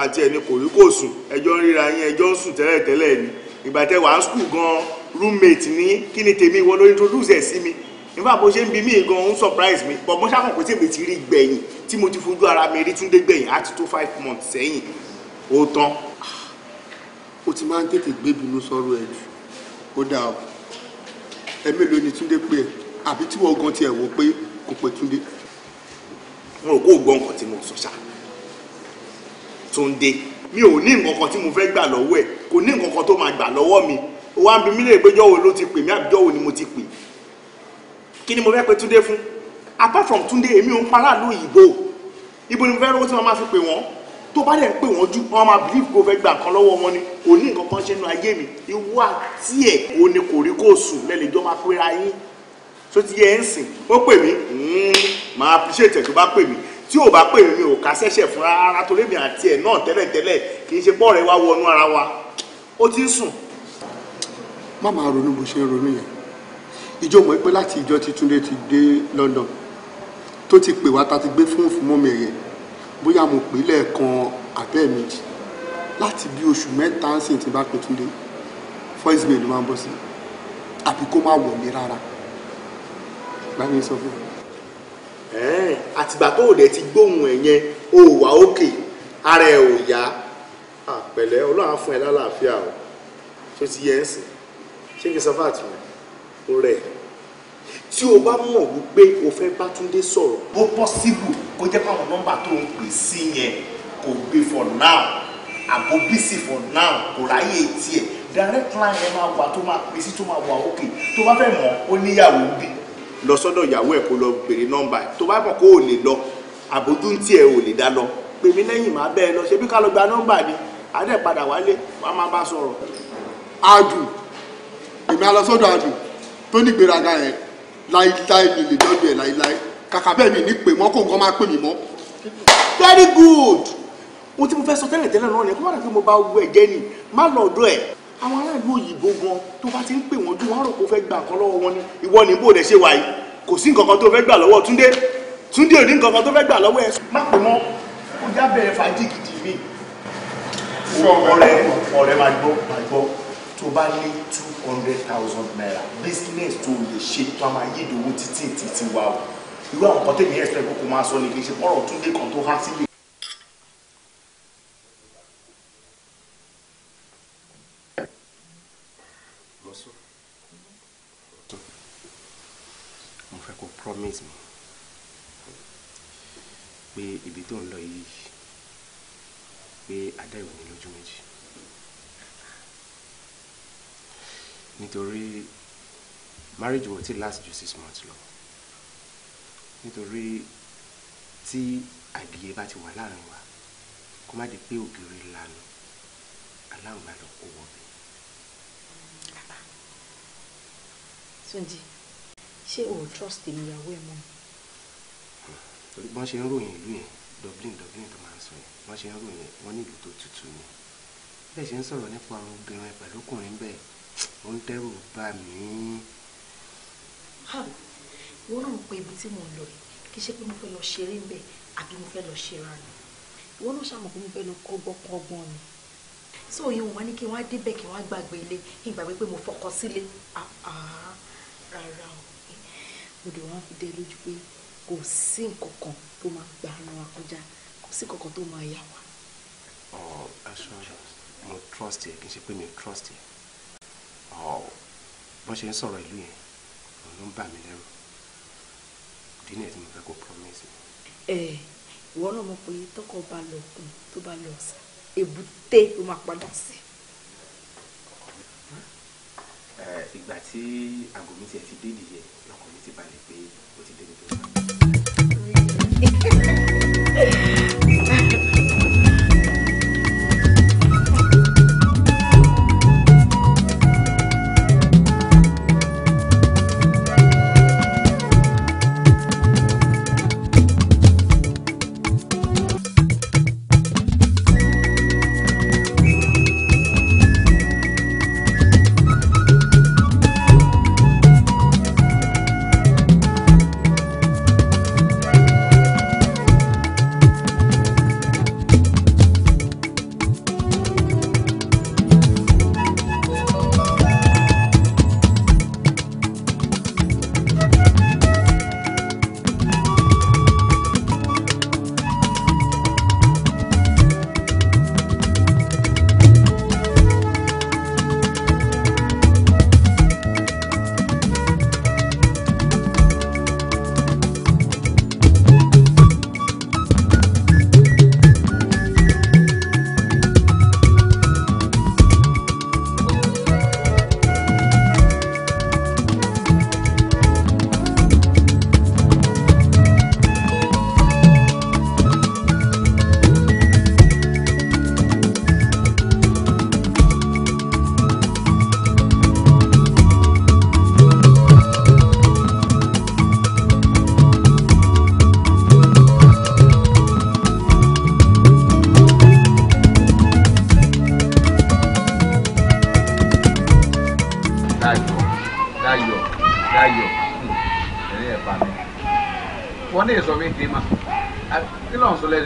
òun àti ẹni kò rí kò sùn ẹjọ́ ń ríra yín ẹjọ́ ń sùn tẹ́lẹ̀tẹ́lẹ̀ ni ìgbà tẹ wàá skul gan roommate ní kí ni tèmi ìwọ ló introduce ẹ̀ sí mi nígbà bó ṣe ń bi mí gan ń surprise mi but mo ṣàkàn pé tèmi ti rí gbẹ̀yìn tí mo ti fojú ara mi rí Túndé gbẹ̀yìn á tó five months sẹ́yìn ó tán. o ah, ti máa ń tètè gbébinú sọ̀rọ̀ ẹ̀ jù ó dáa o ẹ mélòó ni Túndé pé ẹ àbí tí wọ́n gan tiẹ̀ wò pé kò pé Túndé. wọn ò kó gbọ́ nǹkan tí mo sọ ṣáà Túndé mi ò ní nǹkan kan tí mo fẹ́ gbà lọ́wọ́ ẹ̀ kò ní nǹkan kan tó máa gbà lọ́wọ́ mi ó wá ń bi mí lè péjọ́ wo ló ti pè mí àbíjọ́ wo ni mo ti pè kí ni mo fẹ́ pe Túndé fún apart from Túndé èmi ò ń pará lóyìnbó ibo ni mo fẹ́ rówó tí wọ́n máa fi pè wọ́n tó bá dẹ̀ ń pè wọ́n jù wọ́n máa believe kó fẹ́ gbà kan lọ́wọ́ wọn ni kò ní nǹkan kan ṣe nu ayé mi ìwọ àti ẹ̀ o ni kò rí kó sùn lẹ́lẹ́jọ́ máa pera yín tó ti yẹ ẹ̀ ń sìn ó pè mí hmm. máa appreciate ẹ̀ tó bá pè mí tí ò bá pè mí o ká ṣẹ̀ṣẹ̀ fún rárá torí mi àti ẹ̀ náà tẹ́lẹ̀tẹ́lẹ̀ kì í ṣe pọ́ ọ̀rẹ́ wa wọnú ara wa ó ti ń sùn. má máa ronú bó ṣe ń ronú yẹn ìjọ mọ̀ pé láti ìjọ tí Túndé ti dé London tó ti pè wá ta ti gbé fún fún mọ́mi yẹn bóyá mo pè lẹ́ẹ̀kan àbẹ́ méjì láti bí oṣù mẹ́ta ń sìn tí bá pè Túndé voice mail ló máa ń bọ́ sí àbí kó má wọ̀ mí rárá. báyìí sọ fún mi àtìgbà tó o dẹ̀ ti gbóhùn ẹ̀ yẹn o wà òkè ara ẹ̀ ò yá àpẹ̀lẹ́ ọlọ́run á fún ẹ lálàáfíà o tó ti yẹ ẹ́ sìn ṣé kí n sọ fáàtì rẹ̀ ó rẹ̀ tí o bá mọ̀ wípé o fẹ́ bá Túndé sọ̀rọ̀. ó pọ́síbù kó jẹ́ pàwọn nọ́mbà tó ń pè sí yẹn kò gbé for now àbò bísí for now kò ráyè tiẹ̀ direct line ẹ máa wà tó máa pèsè tó máa wà òkè tó bá fẹ́ mọ̀ ó níyàwó bíi lọ sọ́dọ̀ ìyàwó ẹ̀ kó lọ béèrè nọ́mbà ẹ̀ tó bá mọ̀ kó o lè lọ àbójú tí ẹ ò lè dá lọ pè mí lẹ́yìn má bẹ́ẹ̀ lọ ṣebí ká lọ gba nọ́mbà ni adé padà wálé wàá má bá sọ̀rọ̀. adu èmi á lọ sọ́dọ̀ adùn tó ní ìgbéraga yẹn láíláí mi lè dọ́dọ̀ ẹ̀ láíláí kàkà bẹ́ẹ̀ mi ní pè mọ́ kó nǹkan máa pè mí mọ́. very good ohun tí mo fẹ́ sọ tẹ́lẹ̀ tẹ́lẹ̀ náà ni kó má dàbí mo bá gbogbo ẹ̀ jẹ́ ni má lọ ọ̀dọ̀ ẹ̀ àwọn aráàlú òyìnbó gan tó bá ti ń pè wọ́n jù wọ́n rò kó fẹ́ gba nǹkan lọ́wọ́ wọn ni ìwọ ni bó o dẹ̀ ṣe wà yìí kò sí nǹkan kan tó fẹ́ gbà lọ́wọ́ Túndé Túndé ò ní nǹkan kan tó fẹ́ gbà lọ́wọ́ ẹ má pè mọ́ kó já bẹ̀rẹ̀ fàájì gidi mi. ọ̀rẹ́ ọ̀rẹ́ máa gbọ́ máa gbọ́ tó bá ní two hundred thousand naira business tó lè ṣe tó a máa yí ìdòwò títí títí wa o irú àwọn kan tèmi ẹ̀ fẹ́ kó kó máa sọ ní kí n ṣe bọ́rọ̀ Túndé kan tó há sílé nítorí marriage will take last ju six months lọ nítorí tí àdìyẹ bá ti wà láàrin wa kó má di pé ògiri lanu aláǹgbá lọ kó wọbẹ. Túnjí ṣé o trust èmi ìyàwó ẹ mọ́ mi. torí bọ́n ṣe ń ròyìn ìlú yẹn Dublin Dublin tó máa ń sọ yẹn bọ́n ṣe ń ròyìn wọn ní ìlú tó tutù ni bẹ́ẹ̀ ṣe ń sọ̀rọ̀ nípa àwọn obìnrin pẹ̀lú ọkùnrin bẹ́ẹ̀ ó ń dẹ́rù bà mí. ìwọ náà mọ̀ pé ibi tí mò ń lọ kì í ṣe pé mo fẹ́ lọ ṣeré ń bẹ̀ àbí mo fẹ́ lọ ṣera ni ìwọ náà ṣàmọ̀ pé mo fẹ́ lọ kọ́gbọ́n kọ́gbọ́n ni so òye wọn wá kí wọn á débẹ̀ kí wọn á gbàgbé ilé kí n mo fọkọ sílé ah, ah, rárá o odò wọn fi dé lójú pé kò sí nǹkan kan tó máa gba ara wa kò sí nǹkan kan tó máa yà wá. ọ aṣọ mo trust ẹ kì í ṣe pé mi trust ẹ bọ́n ṣe ń sọ̀rọ̀ ìlú yẹn òun ló ń bà mí lẹ́rù dínà tí mo fẹ́ kó promise mi. ẹ ìwọ náà mọ̀ pé tọkọ bá lọ òkun tó bá lọ ọ̀sà èbúté ló máa padà sí. ìgbà tí aago mi tiẹ̀ ti dé nìyẹn lọkọ mi ti balẹ̀ pé ó ti dé níbi tó bá.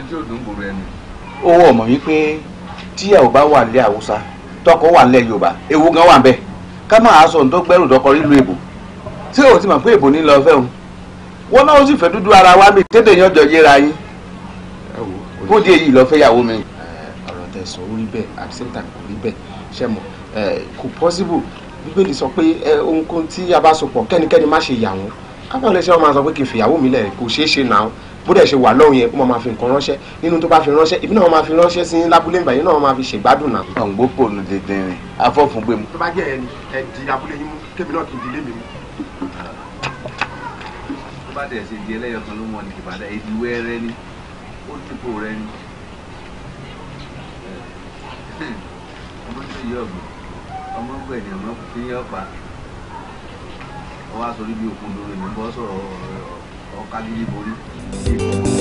tí ò dùn gbòòrò ẹnu. ó wọ̀ mọ̀ wípé tíyàwó bá wà nílẹ̀ haúsá tọkọ wà nílẹ̀ yorùbá ewu gan wà ń bẹ ká máa sọ ohun tó gbẹ́rù tọkọ nílùú èbò tí òun ti mọ̀ pé èbò ní lọ fẹ́ òun wọn náà ó sì fẹ́ dúdú ara wa mi tètè yanjọ yéra yín fún díẹ̀ yìí lọ fẹ́ yàwó mi. ọ̀rọ̀ tẹ̀sán ó rí bẹ́ẹ̀ at the same time kò rí bẹ́ẹ̀ ṣe mọ̀ kò possible bíbélì sọ pé ohunkóhun tí a bá so pọ̀ kẹ́nikẹ́ni má ṣe yà wọ́n káwọn máa sọ pé kì í fìyàwó mi lẹ̀ kò ṣeé ṣe náà bó dẹ̀ ṣe wà lọ́hùn yẹn ó máa fi nǹkan ránṣẹ́ nínú tó bá fi ránṣẹ́ ìbí náà máa fi ránṣẹ́ sí lábúlé ìgbà yìí náà máa fi ṣègbádùn náà. ọ̀ǹgbò pònú dídín rìn afọ́fun gbé mu. tó bá jẹ́ ẹni ẹ di abúlé yín mú kébì náà kì í dilé mi mú. tó bá dẹ̀ ṣe di ẹlẹ́yọ̀ ló mọ ní ìbàdàn èdè wẹ́rẹ́ ni ó dìbò rẹ ni. ọmọ tó yọ ọ̀gbìn ọmọ gbẹ̀dẹ̀ 嗯。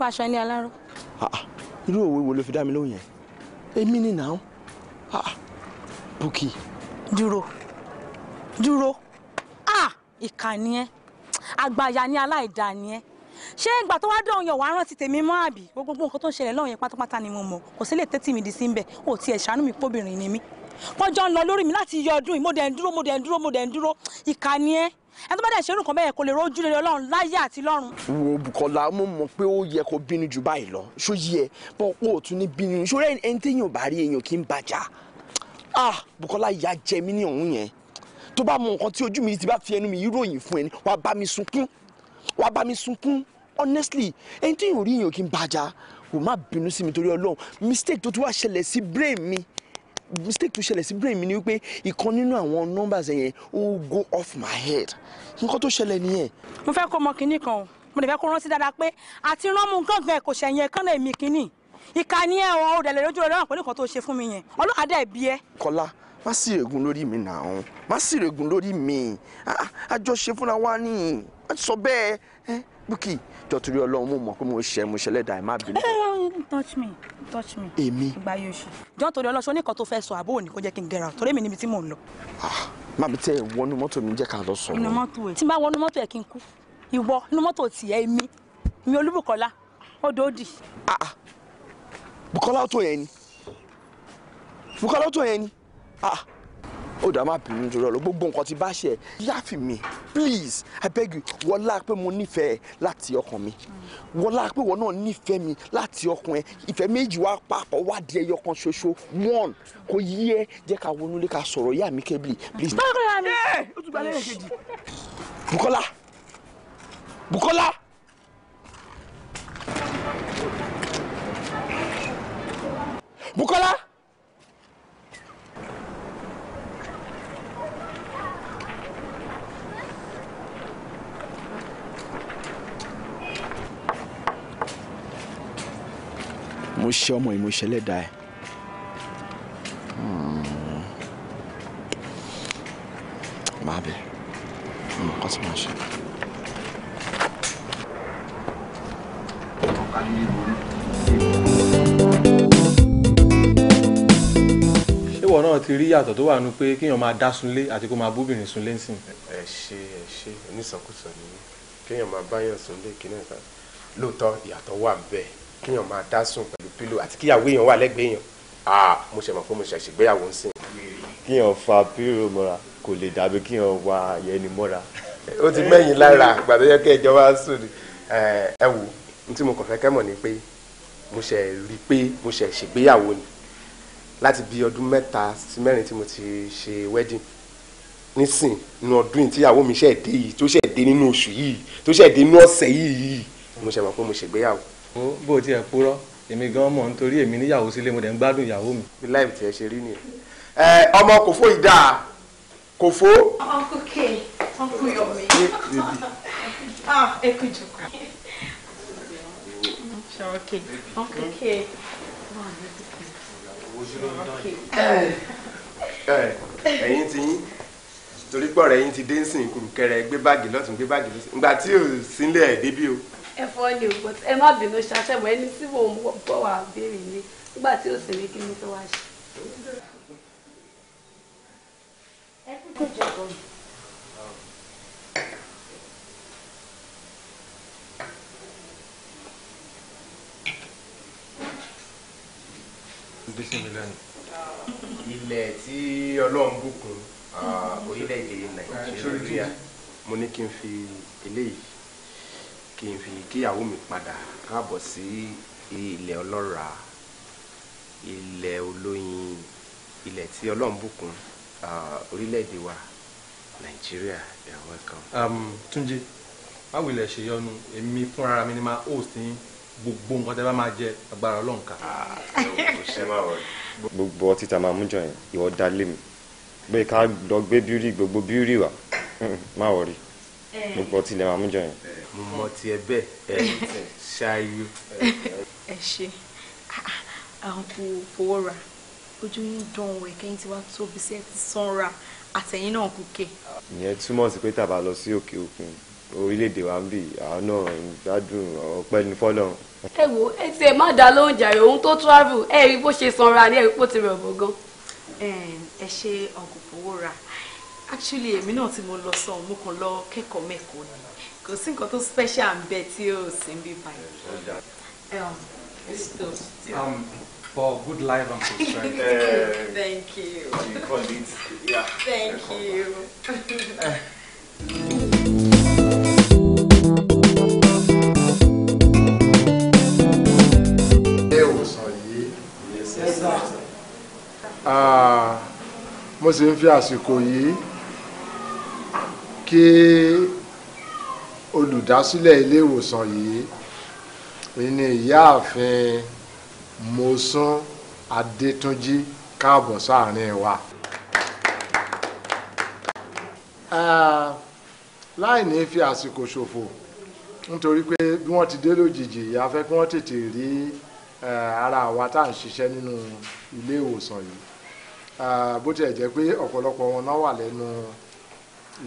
kó aṣọ ilé aláró. irú òwe wo ló fi dá mi lóhùn yẹn èmi ni nà án Bùkì. dúró dúró ìkà ni ẹ àgbàyà ni aláìda ni ẹ ṣé ìgbà tó wá dọ̀hún yọ̀ wá rántí tèmi mọ́ àbí gbogbo nǹkan tó ń ṣẹlẹ̀ lọ́hùn yẹn pátápátá ni mo mọ̀ kò sí lè tẹ́tí mi di sí ń bẹ̀ ó tiẹ̀ ṣàánú mi pọ́bìnrin ni mí pọ́jọ́ ń lọ lórí mi láti yọ ọdún yìí mo dẹ̀ ń dúró mo dẹ̀ ń dúró mo dẹ̀ ń dúró ìkà ẹ ẹni tó bá dẹ̀ ṣe irú nǹkan bẹ́ẹ̀ kò lè rojú rere ọlọ́run láyé àti lọ́run. wo Bukola mo mọ pé ó yẹ kó bínú ju báyìí lọ ṣó yí bọ pé òtún ní bínú ṣó rẹ ẹni téèyàn bá rí èèyàn kì í bàjá ah Bukola ìyá jẹ mí ní ọ̀hún yẹn tó bá mọ nǹkan tí ojú mi ti bá fi ẹnu mi ìròyìn fún ẹni wàá bá mi sunkún wàá bá mi sunkún honestly ẹni téèyàn rí èèyàn kì í bàjá kò má bínú sí mi torí ọlọ́run mistake tó ti wá ṣẹlẹ̀ sí brain mi mistake tó ṣẹlẹ̀ sí brain mi ni wípé ìkan nínú àwọn numbers yẹn ó go off my head nǹkan tó ṣẹlẹ̀ nìyẹn. mo fẹ́ kó mọ kinní kan o mo lè fẹ́ kó rántí dáadáa pé àti ránmú gángan ẹ̀ kò ṣẹ̀yìn ẹ̀kan náà èmi kinní ìka ni ẹ̀ ọ́ òdẹ̀lẹ̀ lójú rẹ̀ lọ́wọ́ pẹ̀lú nǹkan tó ṣe fún mi yẹn ọlọ́kadà dẹ̀ bí ẹ. kọlá má sì règùn lórí mi nà án má sì règùn lórí mi àjọṣe fúnra wa ni sọ bẹ́ẹ̀ Bukky jọ́túrí ọlọ́run mú mọ̀ pé mo ṣe mo ṣẹlẹ̀ dà ẹ̀ má bínú. Eh, oh, touch me touch me. èmi. ìgbà yóò ṣe. jọ́túrí ọlọ́ṣọ́ ní kan tó fẹ́ sọ àbó òní kó jẹ́ kí n gẹ̀rà torí mi níbi tí mò ń lọ. Ah, màmí tẹ wọnú mọ́tò mi jẹ́ ká lọ sọ̀rọ̀. inú mọ́tò ẹ̀ tí n bá wọnú mọ́tò ẹ̀ kí n kú ìwọ inú mọ́tò tiẹ̀ mi mi Olúbùkọ́lá ọdọ òdì. Ah, ah. Bùkọ́lá tó yẹn ni Bùkọ́lá tó yẹn ni ó dàá má bínú nítorí ọ̀rọ̀ gbogbo nǹkan tí bá ṣe yáfì mi please i beg you wọlá pé mo nífẹ̀ẹ́ láti ọkàn mi wọlá pé wọn náà nífẹ̀ẹ́ mi láti ọkàn ẹ ìfẹ́ méjì wá papọ̀ wá di ẹyọ kan ṣoṣo one kò yí ẹ jẹ́ ká wọnú lé ká sọ̀rọ̀ yá mi kẹ́bìlì please. bákan ni ẹ o tún gba lẹ́yìn kejì. Bukola Bukola. Bukola. mo ṣe ọmọ yìí mo ṣe lẹ́dà ẹ̀ hmm. máa bẹ̀ ọmọ hmm, kan tí máa ṣe. ṣéwọ náà ti rí yàtọ̀ tó wà nù pé kéèyàn máa dá sunlé àti kó máa bóbìnrin sunlé nsìn. ẹ ṣe ẹ ṣe onísọkúsọ nìyí kéèyàn máa báyàn sunlé kí náà lóòótọ́ ìyàtọ̀ wà bẹ́ẹ̀ kéèyàn máa dá sùn pẹ̀lú pílò àti kíyàwó èèyàn wà lẹ́gbẹ̀ẹ́ èèyàn ah mo ṣe mọ̀ fún mo ṣe ṣègbéyàwó ń sìn. kíyàn fa pílò mọ́ra kò lè dàbí kíyàn wa yẹni mọ́ra. ó ti mẹ́yìn lára ìgbà tó yẹ kí ẹjọ́ wá sùn ni eh, ẹ wò ní tí mo kàn fẹ́ kẹ́mọ̀ ni pé mo ṣe rí i pé mo ṣe ṣègbéyàwó ni láti bí ọdún mẹ́ta sí mẹ́rin tí mo ti ṣe wedding nísìn inú ọdún yìí tíyàwó mi ṣe dé yìí tó ṣe dé nínú oṣù yìí tó ṣe dé nínú ọ̀sẹ̀ yìí yìí mo ṣe mọ̀ pé mo ṣègbéyàwó bó o tiẹ̀ purọ́ èmi gan mọ̀ nítorí èmi níyàwó sílé mo dẹ̀ ń gbádùn ìyàwó mi. bí láì tiẹ̀ ṣe rí ni ẹ ọmọ kò fó ìdá kò fó. ọkọ kè ọkọ yọmi ẹ kú jòkó. ọkọ kè ẹyin ti yín torí pọ̀ rẹ̀ yín ti dé ń sìn kùrùkẹrẹ gbé báàgì lọ́tún gbé báàgì lọ́sìn ìgbà tí ò sílẹ̀ débi o ẹ fọ́ ni o but ẹ má bínú ṣaṣẹ́ mọ́ ẹni tí mò ń bọ̀ wá béèrè mi nígbà tí ó sì rí kí ni tó wá ṣe. ẹ kúkú jọ̀bọ̀. Um, ilẹ̀ tí ọlọ́run bùkún uh, orílẹ̀-èdè nàìjíríà mo ní kí n fi eléyìí kí n fi kíyàwó mi padà káàbọ̀ sí ilẹ̀ ọlọ́ra ilẹ̀ olóyin ilẹ̀ tí ọlọ́run bùkún orílẹ̀-èdè wa nàìjíríà you're welcome. Um, túnjí báwo ilẹ̀ ṣe yọnu èmi fúnra mi ni máa host ní gbogbo nǹkan tẹ́ bá máa jẹ agbára ọlọ́run ká. gbogbo ọtí tá a máa mú jọ yẹn ìwọ dá lé mi pé ká lọ gbé bíúrì gbogbo bíúrì wa má wọrí gbogbo ọtí lè máa mú jọ yẹn mo mọ tiẹ̀ bẹ́ẹ̀ ẹ ṣáájú. ẹ ṣe ah, ah, àwọn fowó ra ojú yín dán ọ ẹ̀kẹ́yìn tí wàá tóbi sí ẹ ti sanra àtẹ̀yìn náà kúkẹ́. ìyẹn túmọ̀ sí pé tàbá lọ sí òkè òkun orílẹ̀-èdè wa ń bì àwọn náà gbádùn ọpẹ́ ní fọ́lọ́run. ẹ wo ẹ ti ẹ má da lóúnjẹ àrè ohun tó travel ẹ rí bó ṣe sanra ní ẹrí pò ti rẹ̀ ọ̀bọ̀ gan. ẹ ṣe ọ̀gùn fowó ra actually èmi náà tí mo lọ sọ mo kàn lọ kẹ́kọ̀ọ́ mẹ́kọ̀ọ́ ni kò sí nǹkan tó special ń bẹ tí o sì ń bí báyìí. for um, um, good life and prosperity. uh, thank you. Yeah. Thank you. ilé ìwòsàn yìí mo sì ń fi àsìkò yìí kí olùdásílẹ̀ ilé ìwòsàn yìí ní ìyáàfin mọ́sán adétúnjì káàbọ̀ sáàrin wa. láì ní fi àsìkò ṣòfò nítorí pé bí wọ́n ti dé lójijì a fẹ́ kí wọ́n tètè rí ara àwa tá à ń ṣiṣẹ́ nínú ilé ìwòsàn yìí bó tiẹ̀ jẹ́ pé ọ̀pọ̀lọpọ̀ wọn náà wà lẹ́nu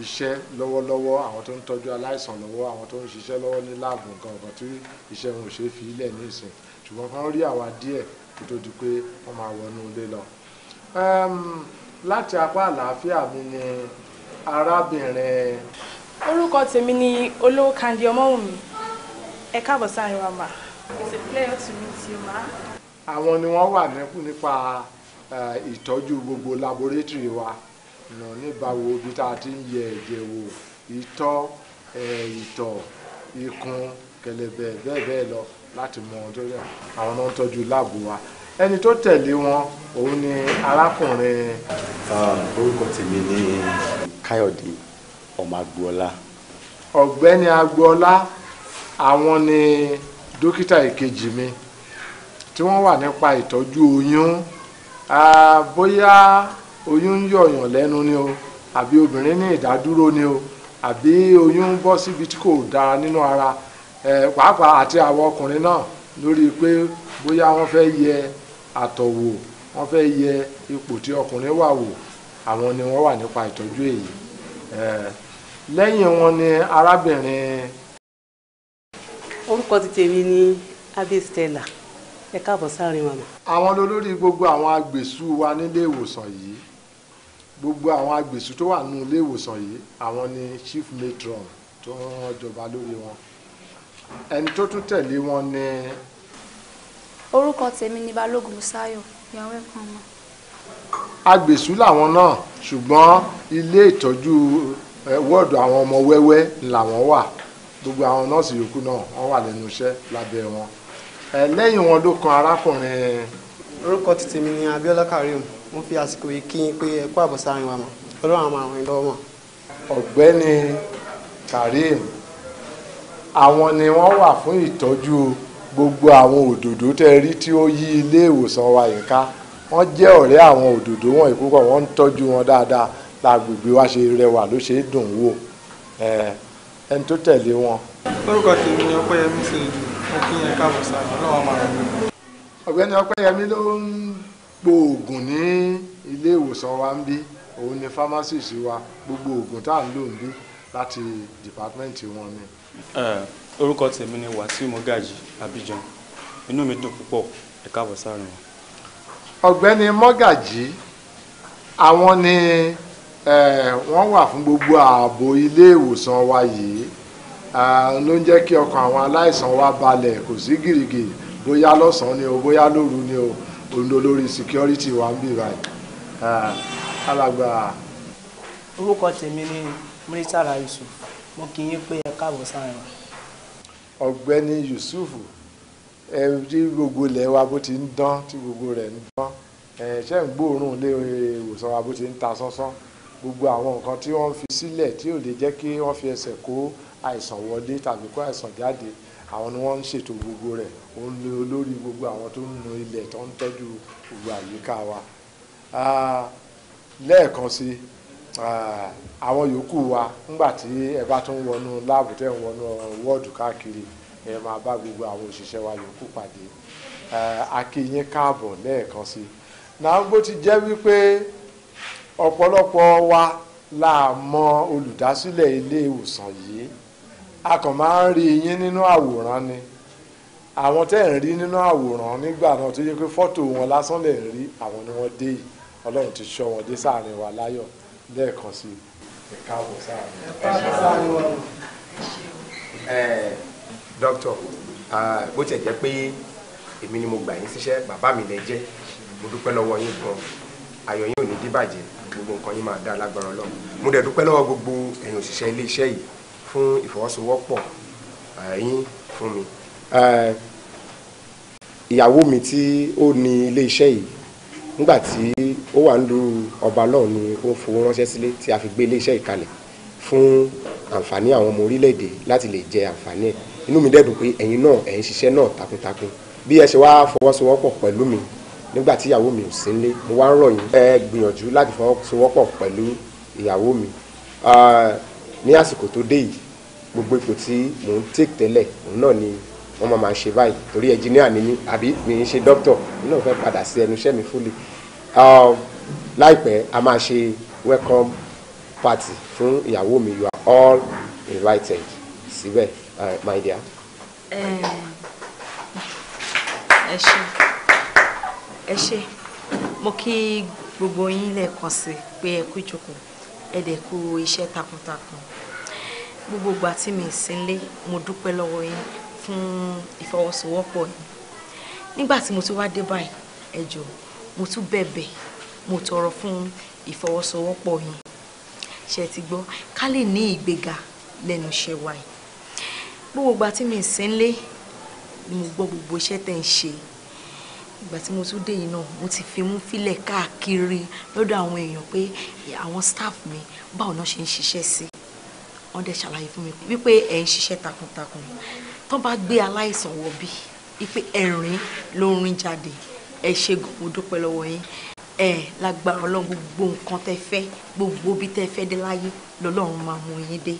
iṣẹ́ lọ́wọ́lọ́wọ́ àwọn tó ń tọ́jú aláìsàn lọ́wọ́ àwọn tó ń ṣiṣẹ́ lọ́wọ́ ní láàbù nǹkan ọ̀kan tí iṣẹ́ wọn ò ṣeé fi ilẹ̀ ní ìsìn ṣùgbọ́n kan rí àwa díẹ̀ kó tó di pé wọ́n máa wọnú ilé lọ. láti apá àlàáfíà mi ni arábìnrin. orúkọ tèmi ni olówó kandi ọmọwùnmi ẹ káàbọ̀ sáàrin wa mà. it's a pleasure to meet you ma. àwọn ni wọ́n wà nípa ìtọ́jú gbogbo laboratory wa nà níbàwò ibi tá a ti ń yẹ ẹ̀jẹ̀ wò ìtọ̀ ìtọ̀ ikùn kẹ̀lẹ̀bẹ̀ bẹ́ẹ̀ bẹ́ẹ̀ lọ láti mọ ohun tó yẹ àwọn náà ń tọ́jú láàbù wa ẹni tó tẹ̀lé wọn òun ni arákùnrin. orúkọ tèmi ni káyọ̀dé ọmọ agboola. ọ̀gbẹ́ni agboola àwọn ni dókítà ìkejì mi tí wọ́n wà nípa ìtọ́jú oyún bóyá. Uh, oyún ń yọ̀yàn lẹ́nu ni o àbí obìnrin ní ìdádúró ni o àbí oyún ń bọ́ síbi tí kò dára nínú ara pàápàá àti àwọn ọkùnrin náà lórí pé bóyá wọ́n fẹ́ yẹ àtọ̀ wò wọ́n fẹ́ yẹ ipò tí ọkùnrin wà wò àwọn ni wọ́n wà nípa ìtọ́jú èyí lẹ́yìn wọn ni arábìnrin. orúkọ ti tèmi ní abi stella ẹ káàbọ̀ sáré màmá. àwọn lolórí gbogbo àwọn agbèsù wa nílé ìwòsàn yìí gbogbo àwọn agbèsù tó wà nínú ilé ìwòsàn yìí àwọn ni chief matron tó ń jọba lórí wọn ẹni tó tún tẹ̀lé wọn ni. orúkọ tèmi ni balógun musayo ìyàwó ẹ̀kan ọmọ. agbèsù làwọn náà ṣùgbọ́n ilé ìtọ́jú wọ́ọ̀dù àwọn ọmọ wẹ́wẹ́ làwọn wà gbogbo àwọn nọ́ọ̀sì yòókù náà wọ́n wà lẹ́nu iṣẹ́ lábẹ́ wọn lẹ́yìn wọn ló kan arákùnrin. orúkọ tèmi ni abiola karim mo fi àsìkò yìí kí n pé ẹ kú àbọ̀ sáárín wa mọ̀ ọlọ́run àwọn àwọn ìlọ́wọ́. ọ̀gbẹ́ni Karim àwọn ni wọ́n wà fún ìtọ́jú gbogbo àwọn òdòdó tẹ́ rí tí ó yí ilé ìwòsàn wa yìí ká wọ́n jẹ́ ọ̀rẹ́ àwọn òdòdó wọn ìkókọ̀ wọ́n ń tọ́jú wọn dáadáa lágbègbè wa ṣe rẹwà ló ṣe dùn wò ẹni tó tẹ̀lé wọn. lórúkọ tèmi ni Ọpẹ́yẹmí ṣe mo kí yẹn káàbọ̀ sáà Ọlọ́run máa rẹ. ọ̀gbẹ́ni Ọpẹ́yẹmí ló ń gbogbo oògùn ní ilé ìwòsàn wa ń bí òun ni pharmacist wa gbogbo oògùn tá à ń lò ń bí láti department wọn ni. orúkọ tèmi ni Wàsíù Mọ́gàjì Abidjan inú mi dùn púpọ̀ ẹ káàbọ̀ sáàrin wọn. ọ̀gbẹ́ni Mọ́gàjì àwọn ni wọ́n wà fún gbogbo ààbò ilé ìwòsàn wa yìí ló ń jẹ́ kí ọkàn àwọn aláìsàn wa balẹ̀ kò sí gìrìgìrì bóyá lọ́sàn-án ni o bóyá lóru ni o ondo security wa ń bì báyìí alàgbà. orúkọ tèmi ni Muritala Yusuf mo kì í yín pé ẹ káàbọ̀ sáàrin ọ̀gbẹ́ni Yusuf ẹ rí gbogbo ilẹ̀ wa bó ti ń dán tí gbogbo rẹ̀ ń dán ṣe ń gbóòórùn ilé ìwòsàn wa bó ti ń ta sánsán gbogbo àwọn nǹkan tí wọ́n fi sílẹ̀ tí ò lè jẹ́ kí wọ́n fi ẹsẹ̀ kó àìsàn wọlé tàbí kó àìsàn jáde àwọn ni wọ́n ń ṣètò gbogbo rẹ̀ òun ni olórí gbogbo àwọn tó ń nu ilẹ̀ tó ń tọ́jú gbogbo àyíká wa lẹ́ẹ̀kan sí àwọn yòókù wa nígbà tí ẹ bá tún wọnú láàbù tẹ́ ń wọnú wọ́ọ̀dù káàkiri ẹ máa bá gbogbo àwọn òṣìṣẹ́ wa yòókù pàdé a káàbọ̀ lẹ́ẹ̀kan sí náà ti jẹ́ wípé ọ̀pọ̀lọpọ̀ wa la mọ olùdásílẹ̀ ilé ìwòsàn yìí a kàn máa ń rí yín nínú àwòrán ni àwọn tẹ́ ń rí nínú àwòrán nígbà náà tó yẹ pé fọ́tò wọn lásán lè rí àwọn ni wọ́n dé yìí ọlọ́run ti ṣọ́ wọn dé sáàrin wa láyọ̀ lẹ́ẹ̀kan sí i ẹ̀ka àbọ̀ sáàrin. ẹ̀ka àbọ̀ sáàrin wa. dókítà bó tiẹ̀ jẹ́ pé èmi ni mo gbà yín síṣẹ́ bàbá mi lẹ jẹ́ mo dúpẹ́ lọ́wọ́ yín gan ayọ̀ yín ò ní díbàjẹ́ gbogbo nǹkan yín máa dá lágbára ọlọ́run mo dẹ̀ dúpẹ́ lọ́wọ́ gbogbo ẹ̀yin òṣìṣẹ́ ilé yìí fún ìfọwọ́sowọ́pọ̀ yín fún mi. ìyàwó mi tí ó ní ilé iṣẹ́ yìí nígbà tí ó wà ń lu ọba náà ni ó fowó ránṣẹ́ sílé tí a fi gbé ilé iṣẹ́ yìí kalẹ̀ fún àǹfààní àwọn ọmọ orílẹ̀-èdè láti lè jẹ àǹfààní ẹ̀ inú mi dẹ́dùn pé ẹ̀yin náà ẹ̀ ń ṣiṣẹ́ náà takuntakun bí ẹ ṣe wá fọwọ́sowọ́pọ̀ pẹ̀lú mi nígbà tí ìyàwó mi ò sí nílé mo wá ń rọ̀ yín ẹ gbìyànjú láti fọwọ́sowọ́pọ̀ pẹ̀lú ìyàwó mi ní àsìkò tó dé yìí gbogbo ipò tí mò ń take tẹ́lẹ̀ òun náà ni wọ́n máa máa ṣe báyìí torí ẹnjìníà ni mí àbí mi ń ṣe dókítọ̀ mi náà fẹ́ padà sí ẹnu iṣẹ́ mi fúli um, láìpẹ́ a máa ṣe welcome party fún ìyàwó mi you are all invited síbẹ̀ uh, my dear. Eh, ẹ ṣé ẹ ṣé mo kí gbogbo yín lẹ́ẹ̀kan sí pé ẹ kú ìjókòó ẹ dẹ̀ kú iṣẹ́ takuntakun gbogbo ìgbà tí mi ìsínlé mo dúpẹ́ lọ́wọ́ yín fún ìfọwọ́sowọ́pọ̀ yín nígbà tí mo tún wá dé báyìí ẹ jọ̀ọ́ mo tún bẹ̀bẹ̀ mo tọrọ fún ìfọwọ́sowọ́pọ̀ yín ṣe ti gbọ́ ká lè ní ìgbéga lẹ́nu iṣẹ́ wa yìí gbogbo ìgbà tí mi ìsínlé ni mo gbọ́ gbogbo iṣẹ́ tẹ̀ ń ṣe ìgbà tí mo tún dé yìí náà mo ti fi mú fílẹ̀ káàkiri lọ́dọ̀ àwọn èèyàn pé àwọn staff mi báwo náà ṣe ń ṣiṣẹ́ sí wọ́n dẹ̀ ṣàlàyé fún mi wípé ẹ̀ ń ṣiṣẹ́ takuntakun tó bá gbé aláìsàn wọ̀ bí wípé ẹ̀rín ló ń rìn jáde ẹ ṣe gan mo dúpẹ́ lọ́wọ́ yín ẹ lágbára ọlọ́run gbogbo nǹkan tẹ fẹ́ gbogbo bí tẹ fẹ́ dé láyé lọ́lọ́run máa mú yín dé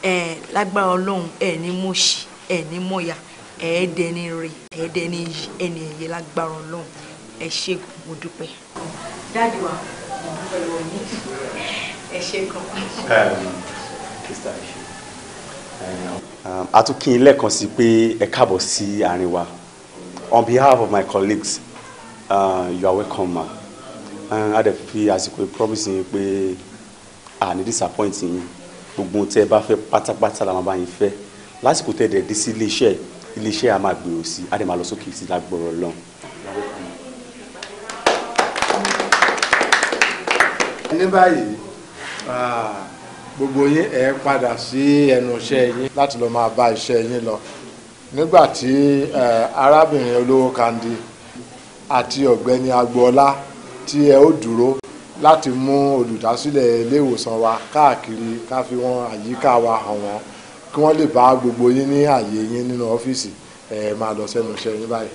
ẹ lágbára ọlọ́run ẹ ní mọ̀ṣì ẹ ní mọ̀yà ẹ dẹni rè ẹ dẹni yìí ẹni ẹ̀yẹ lágbára ọlọ́run ẹ ṣe gan mo dáàdi wa mo dúpẹ́ lọ́wọ́ yín ẹ ṣe gan krista ẹ um, a tún kí n lẹ́ẹ̀kan sí pé ẹ káàbọ̀ sí àárín wa on behalf of my colleagues uh, you are welcome ma um, a dẹ̀ fi àsìkò promise yín pé a ní disappoint yín gbogbo tẹ́ ẹ bá fẹ́ pátápátá la máa bá yín fẹ́ lásìkò tẹ́ ẹ dẹ̀ dé sí iléeṣẹ́ iléeṣẹ́ a máa gbèrò sí a dẹ̀ máa lọ sókè sí lágbọ̀rọ̀ lọ́hùn. ní báyìí ah, gbogbo yín ẹ padà sí ẹnu iṣẹ́ yín láti lọ máa bá iṣẹ́ yín lọ nígbà tí arábìnrin olówó kandi àti ọ̀gbẹ́ni agboola tí ẹ ó dúró láti mú olùdásílẹ̀ ilé ìwòsàn wa káàkiri ká fi wọn àyíká wa hàn wọ́n kí wọ́n lè bá gbogbo yín ní àyè yín nínú ọ́fíìsì ẹ máa lọ sẹ́nu iṣẹ́ yín báyìí.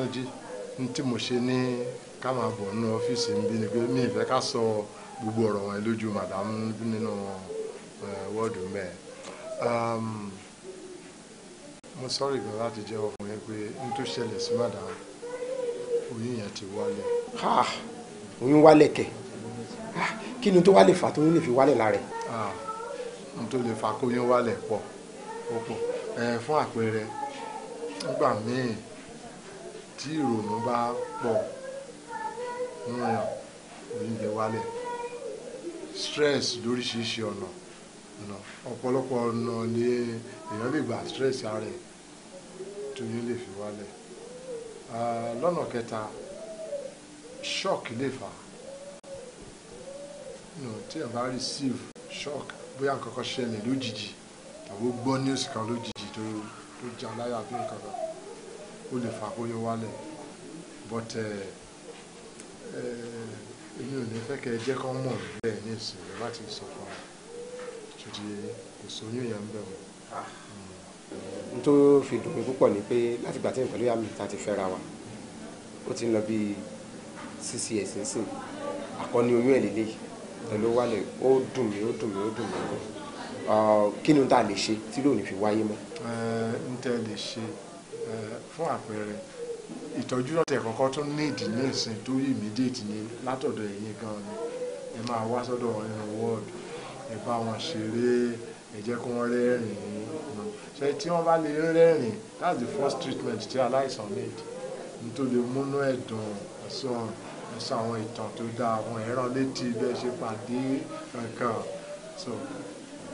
Àtúnjí ní tí mo ṣe ní ká máa bọ̀ nínú ọ́fíìsì mi ni pé mi ìfẹ́ ká sọ gbogbo ọ̀rọ̀ wọn lójú madam nínú wọ́ọ̀dù mẹ́ẹ̀. mo sọ̀rọ̀ ìgbà láti jẹ́wọ́ fún yẹn pé n tó ṣẹlẹ̀ sí madam oyún yẹn ti wálẹ̀. Ah, oyún wálẹ̀ kẹ̀ ah, kí ni tó wálẹ̀ fà tó yún lè fi wálẹ̀ lára ẹ̀. Ah, n tó lè fà kó yún wálẹ̀ pọ̀ ó pọ̀ fún àpẹẹrẹ nígbà míì tí ìrònú bá pọ̀ ń ràn oúnjẹ wálẹ̀ stress lóríṣiríṣi ọ̀nà ọ̀nà ọ̀pọ̀lọpọ̀ ọ̀nà ni èèyàn lè gbà stress ara ẹ̀ tóyún lè fi wálẹ̀ lọ́nà kẹta shock lè fà á tí èèyàn bá receive shock bóyá nǹkan kan ṣẹlẹ̀ lójijì tàbí ó gbọ́ news kan lójijì tó já láyà bí nǹkan kan ó lè fà kó yọ wálẹ̀ but eh, eh, èmi ò ní fẹ́ kẹ́ ẹ jẹ́ kán mọ̀ bẹ́ẹ̀ ní ìsinmi láti sọ fún wa ṣùtì kò sóyún yẹn ń bẹ̀ wọ́n. n tó fi dùn mí púpọ̀ ni pé láti gbà tí n pẹ̀lú yàmi ta ti fẹ́ra wa ó ti lọ bíi six years àkọ́ni oyún ẹ̀ lélẹ̀ pẹ̀lú wálẹ̀ ó dùn mí ó dùn mí ó dùn mí ah, kí ni n ta lè ṣe tí lóò ní fi wáyé mọ́. Eh, ẹ ń tẹ́ lè ṣe fún àpẹẹrẹ ìtọ́jú ọ̀sẹ̀ kọ̀ọ̀kan tó ní ìdí ní ìsìn tó yí immediate ní látọ̀dọ̀ ẹ̀yin gan ni ẹ máa wá sọ́dọ̀ wọn nínú ward ẹ bá wọn ṣeré ẹ jẹ́ kí wọ́n rẹ́rìn-ín ṣe tí wọ́n bá lè rẹ́rìn that's the first treatment tí aláìsàn need nítorí múnú ẹ̀dùn ẹ̀sọ́ ẹ̀sọ́ àwọn ìtàn tó dáa àwọn ẹ̀ràn létí bẹ́ẹ̀ ṣe pàdé nǹkan so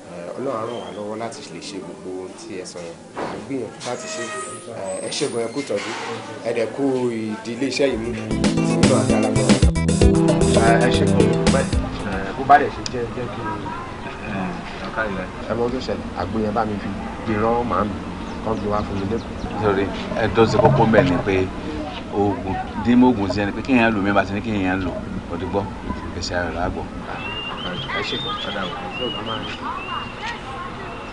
ọlọ́run á ràn wá lọ́wọ́ láti lè ṣe gbogbo ohun tí ẹ sọ yẹn à ń gbìyànjú láti ṣe ẹ ṣègùn ẹ kú tọ́jú ẹ dẹ̀ kú ìdílé iṣẹ́ yìí mú sínú àdára mọ́. ẹ ṣègùn bó bá dẹ̀ ṣe jẹ́ jẹ́ kí ẹ mọ tó ṣẹlẹ̀ àgbo yẹn bá mi fi dìran màá mi kàn gbé wá fún mi lẹ́kọ̀ọ́. nítorí ẹ tó ṣe kókó mẹ́ ni pé oògùn dín mọ́ oògùn sí ẹni pé kéèyàn lò mí bá ti kéèyàn lò ọdún gbọ́ ìgbésí ayọ̀ làá gbọ́. ẹ ṣègùn ọ̀dà òkú tó bá máa ń ṣe.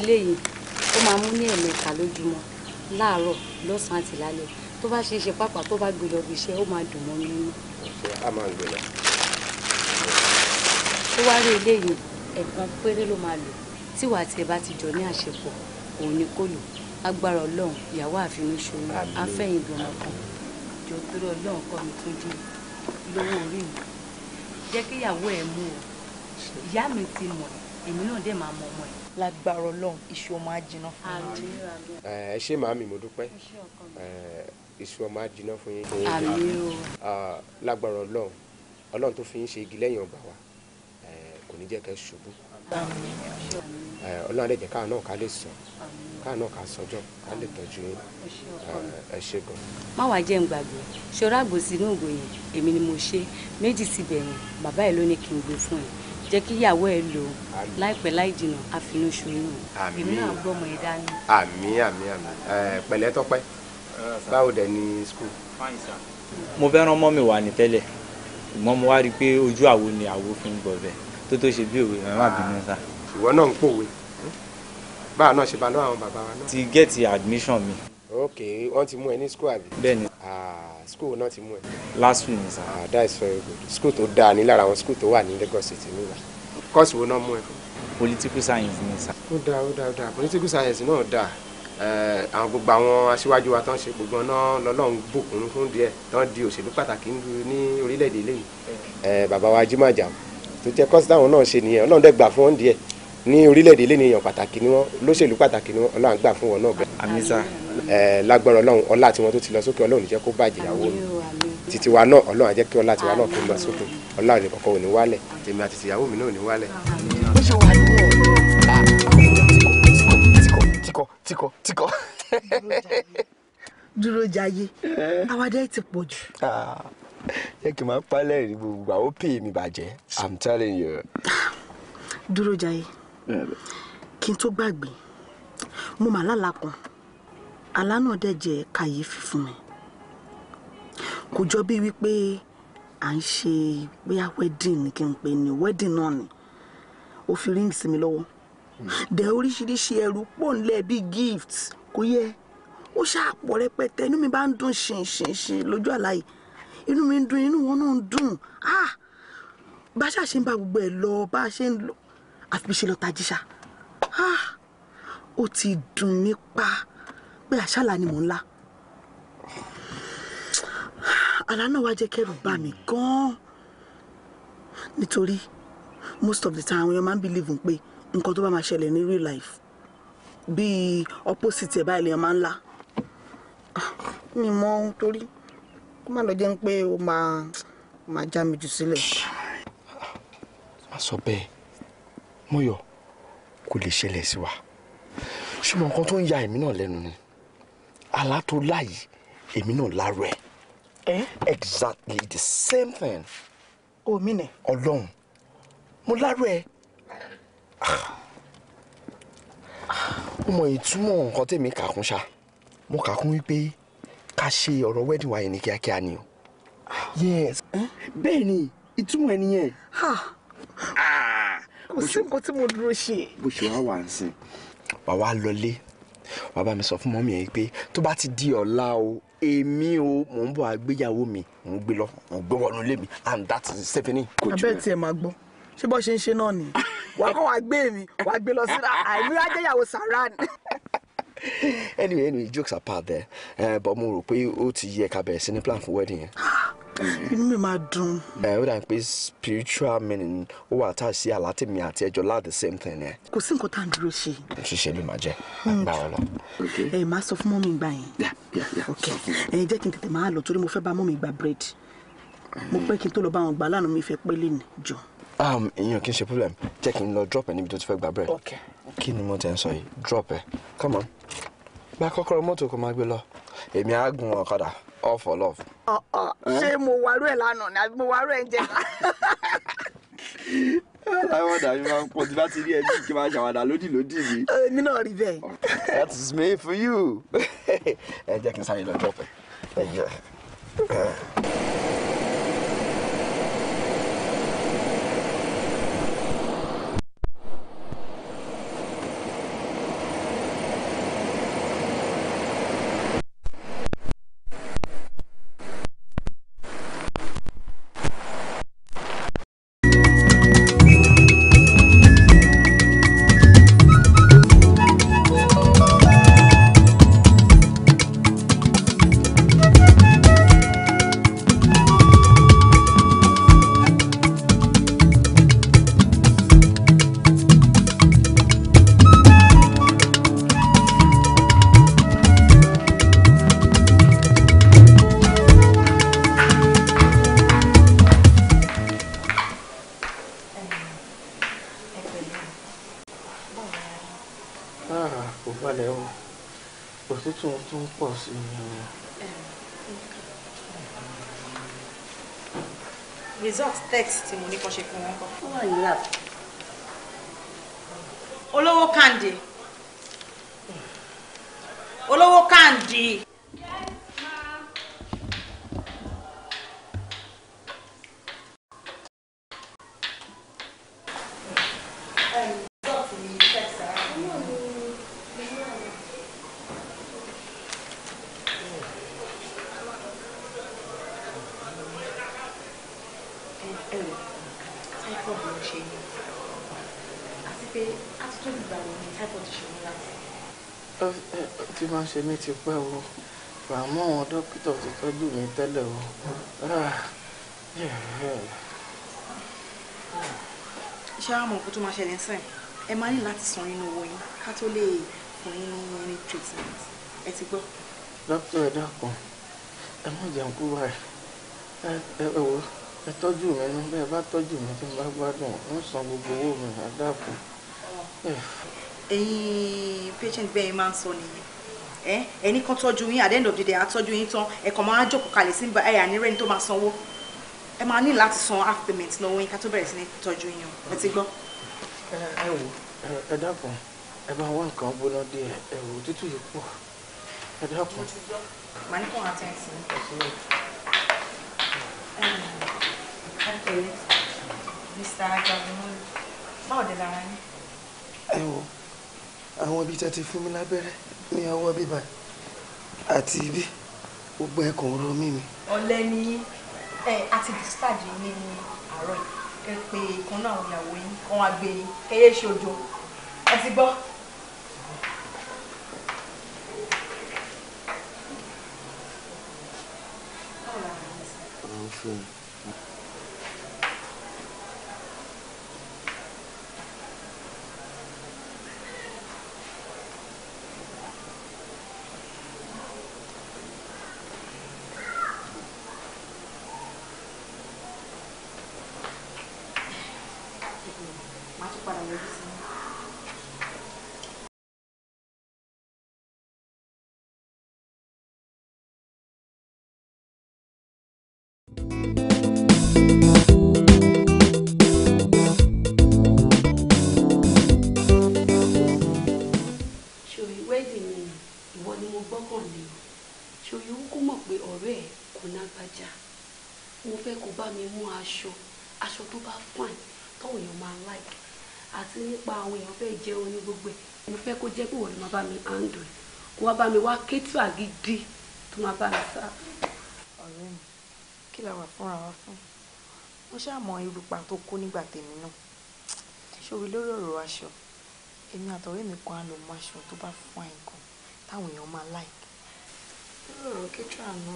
eléyìí ó máa mú ní ẹ̀mẹ́ta lójúmọ́ láàárọ̀ lọ́sàn-án àti lálẹ́ tó bá ṣe é ṣe pàápàá tó bá gbé lọ bí iṣẹ́ ó máa dùn mọ́ nínú. a máa gbé lọ. ó wá rí eléyìí ẹ̀ẹ̀kan péré ló máa lò tí wàá tiẹ̀ bá ti jọ ní àṣepọ̀ òun ni kò lò agbára ọlọ́run ìyàwó àfihàn ṣòro afẹ́yìndùn ọkàn jọ torí ọlọ́run kọ́ mi tó dùn lówó orí mi jẹ́ kíyàwó ẹ̀ mú o ìyá mi ti mọ̀ èmi náà dẹ̀ máa mọ ọmọ ẹ̀ lágbára Ọlọ́run iṣu ọmọ àjìnà fún mi. ẹ ṣé màámi mo dúpẹ́ iṣu ọmọ àjìnà fún yín. àmín o. lágbára Ọlọ́run Ọlọ́run tó fi yín ṣe igi lẹ́yìn ọgbà wa kò ní jẹ́ kẹ́ ṣubú. Ọlọ́run àdẹ̀jẹ̀ káà náà ká lè sọ káà náà ká sọjọ́ ká lè tọ́jú yín ẹ ṣé gan. má wàá jẹ́ ń gbàgbé ṣọ́ra àgbòsí inú ògbò yẹn èmi ni mo ṣe méjì síbẹ̀ yẹn bàbá ẹ̀ ló ní kí n gbé fún yẹn jẹ́ kí ìyàwó ẹ lò ó láìpẹ́ láì jìnnà àfinú ṣoyún èmi náà gbọ́mọ ẹ dání. àmì àmì àmì pẹ̀lẹ́ tọ́pẹ́ báwo dẹ̀ ni school. mo fẹ́ rán mọ́ mi wà ní tẹ́lẹ̀ ṣùgbọ́n mo wá rí i pé ojú àwo ni àwo fi ń gbọ̀bẹ̀ tó tó ṣe bí òwe ẹ̀ má bínú sá. ìwọ náà ń pòwe báwa náà ṣe bá lọ́wọ́ àwọn bàbá wa náà. ti gẹ́ẹ̀tì admission mi ok wọ́n ti mú ẹ ní school àbí. bẹ́ẹ̀ni. Ah, school náà ti mú ẹ. last week ni sir. ah that is very good school tó dáa ní lára àwọn school tó wà ní Lagos City. nígbà course wo náà mú ẹ. political science ni sir. ó dáa ó dáa ó dáa political science náà dáa eh, àwọn gbogbo àwọn aṣíwájú wa tán ṣe gbogbo ọ̀nà lọ́lọ́run bùkún fún díẹ̀ tán di òṣèlú pàtàkì ní orílẹ̀-èdè lẹ́yìn. Eh, bàbá wa Jimoh Ajao tó jẹ́ kọ́sítà àwọn náà ṣe nìyẹn ọlọ́run dẹ̀ gbà fún díẹ̀ ní orílẹ̀-èdè lé ní èèyàn pàtàkì ni wọ́n lóṣèlú pàtàkì ni wọ́n ọlọ́run gbà fún wọn náà bẹ́ẹ̀. àmín sà. ẹ lágbára ọlọ́run ọlá tiwọn tó ti lọ sókè ọlọ́run níjẹ́ kó bàjẹ́ ìyàwó mi títí wa náà ọlọ́run á jẹ́ kí ọlá tiwa náà kó lọ sókè ọlọ́run ní kọ̀kọ́ ò ní wálẹ̀ tèmi àti tìyàwó mi náà ò ní wálẹ̀. dúró jayé eh. àwàdà ti pọ̀ jù. yẹ ah. kí n máa pálẹ̀ ìrìbù gbà ó pè mí bàjẹ́ i'm telling you. dúró jayé kí n tó gbàgbé mo mà lálàá kan àlá náà dẹ̀ jẹ́ kàyéfì fún mi kò jọ bí wípé à ń ṣe bóyá wedding ni kí n pè ní wedding náà ni ó fi ring sí mi lọ́wọ́ dẹ̀ oríṣiríṣi ẹrù pọ̀ nílẹ̀ bíi gift kò yẹ ó ṣáà pọ̀ rẹpẹtẹ inú mi bá ń dùn ṣìnṣìnṣìn lójú àlá yìí inú mi ń dùn inú wọn náà ń dùn ah bá ṣáà ṣe ń bá gbogbo ẹ̀ lọ bá ṣe ń lọ àfi bí ṣe lọ ta jíṣà ah, ó ti dùn mí pa pé àṣàlà ni mò ń la àlá náà wá jẹ́ kẹ́rù bà mí gan-an nítorí most of the time àwọn èèyàn máa ń believe pé nǹkan tó bá máa ṣẹlẹ̀ ní real life bíi opposite ẹ̀ báyìí lèèyàn máa ń la ah, mi mọ ohun torí kó má lọ jẹ́ pé ó máa já mi jù sílẹ̀. má sọ bẹ́ẹ̀ Mọ́yọ̀ kò lè ṣẹlẹ̀ sí wa ṣùgbọ́n nǹkan tó ń ya èmi náà lẹ́nu ni àlá tó láàyè èmi náà lárò ẹ̀. Eh? Exactly the same thing. o mi nẹ. Ọlọ́run mo lárò ẹ ó mọ ìtumọ̀ nǹkan tèmi kà kún ṣá mo kà kún wípé ká ṣe ọ̀rọ̀ wedding wa yẹn ní kíákíá ni o. yes bẹ́ẹ̀ ni ìtumọ̀ ẹ nìyẹn kò sí nǹkan tí mo dúró ṣe. bó ṣe wá wà ń sìn wà wá lọlé wà bá mi sọ fún mọ́mí yẹn pé tó bá ti di ọ̀la o èmi o mò ń bọ̀ àgbéyàwó mi mò ń gbé lọ mò ń gbé wọnú ilé mi and that is Stephanie. abẹ́ẹ̀ tiẹ̀ máa gbọ́ ṣé bọ́ ṣe ń ṣe náà nìyí wàá kọ́ wàá gbé mi wàá gbé lọ sí àìní ajẹ́yàwó sàrà anyway anyway jokes apart there uh, but mo rò pé ó ti yẹ ká bẹ̀rẹ̀ sí ní plan for wedding yẹn. Mm. inú mi máa dùn. ẹ eh, ó dà pé spiritual meaning ó wà tá a ṣe àlátìmí àti ẹjọ láà the same thing ẹ. kò sí nǹkan tá à ń dúró ṣe. ṣíṣe ló máa jẹ àgbà ọ lọ. ẹ máa sọ fún mọ́mí ìgbà yẹn. ẹ eh, jẹ́ kí n tètè máa lọ torí mo fẹ́ bá mọ́mí gba bread mo mm. pẹ́ kí n tó lọ bá wọn gbà lánàá mi fẹ́ pé lè ní jọ. Um, ìyẹn kì í ṣe problem jẹ́ kí n lọ drop ẹ níbi tó ti fẹ́ gba bread. kí ni mo tẹ̀ ń sọ yìí drop ẹ come on gba kọ́kọ́rọ́ mọ́tò kó máa gbé lọ èmi á gun ọ̀kadà all for love. ọ̀ọ̀ ṣé mo warú ẹ̀ lánàá ni àbí mo warú ẹ̀ jẹ́ aláwọ̀dà mi máa ń pọ̀ tí bá ti rí ẹjú kí n máa ṣàwádà lódì lódì mi. èmi náà rí bẹ́ẹ̀. that is me for you. ẹ jẹ́ kí n sáré lọ jọ́pẹ̀. dọ́ọ̀tì tẹ̀sà. ẹ wò typhoid ló ń ṣe yìí àti pé àtúntò ìgbà wo ni typhoid ṣe mí láti. tí máa ń ṣe mí ti pẹ́ o àmọ́ àwọn dókítà ti tọ́jú mi tẹ́lẹ̀ o ṣé àwọn nǹkan tó máa ṣẹlẹ̀ sẹ́yìn ẹ máa ní láti san nínú owó yín ká tó lè fún yín ní any treatment ẹ ti gbọ́. dókítà ẹ dákun ẹ má jẹun kú báyìí ẹ ẹ wò ẹ tọ́jú mi nú bẹ́ẹ̀ bá tọ́jú mi tí mo bá gbádùn ń san gbogbo owó mi àdàpọ̀. ẹ̀yin patient bẹ́ẹ̀ máa ń sọ nìyẹn ẹ ẹni kan tọ́jú yín at the end àtọ́jú yín tán ẹ máa jókòó kalẹ̀ sí ẹ̀yà nírẹ́ni tó máa sanwó ẹ máa ní láti san half payment lọ́wọ́ yín ká tó bẹ̀rẹ̀ sí ní tọ́jú yín o ẹ ti gbọ́. ẹ wò ẹ dákun ẹ bá wá nǹkan gbóná dé ẹ wò tútù yìí pọ̀ ẹ dákun. màá ní kó wọn àtẹ̀sí. ọkùnrin mr ajagunmọ́lú báwo dé lára yín. ẹ wò àwọn ibi tẹ́ ti fún mi lábẹ́rẹ́ ní ọwọ́ bíbá àti ibi gbogbo ẹkùn rọ mímì. ọ̀lẹ ni ẹ àti discharge ní ní àárọ̀ kẹ pé kan náà àwọn ìyàwó yín kan wá gbé yín kẹyẹ ṣe òjò ẹ ti gbọ́. Thank you. àwọn èèyàn fẹ́ jẹun ní gbogbo ẹ̀ mo fẹ́ kó jẹ́ pé wọ́n lè máa bá mi handle ẹ̀ kó wá bá mi wá kétù àgídí tó máa bá mi sá. ọ̀rẹ́ mi kí la wà fúnra wa fún mo ṣàmọ irú pa tó kó nígbà tèmi náà ṣòwò lórí ọ̀rọ̀ aṣọ èmi àtọ̀rẹ́ mi kan á lọ mọ aṣọ tó bá fún àìkàn táwọn èèyàn máa like lórí ọ̀rọ̀ àná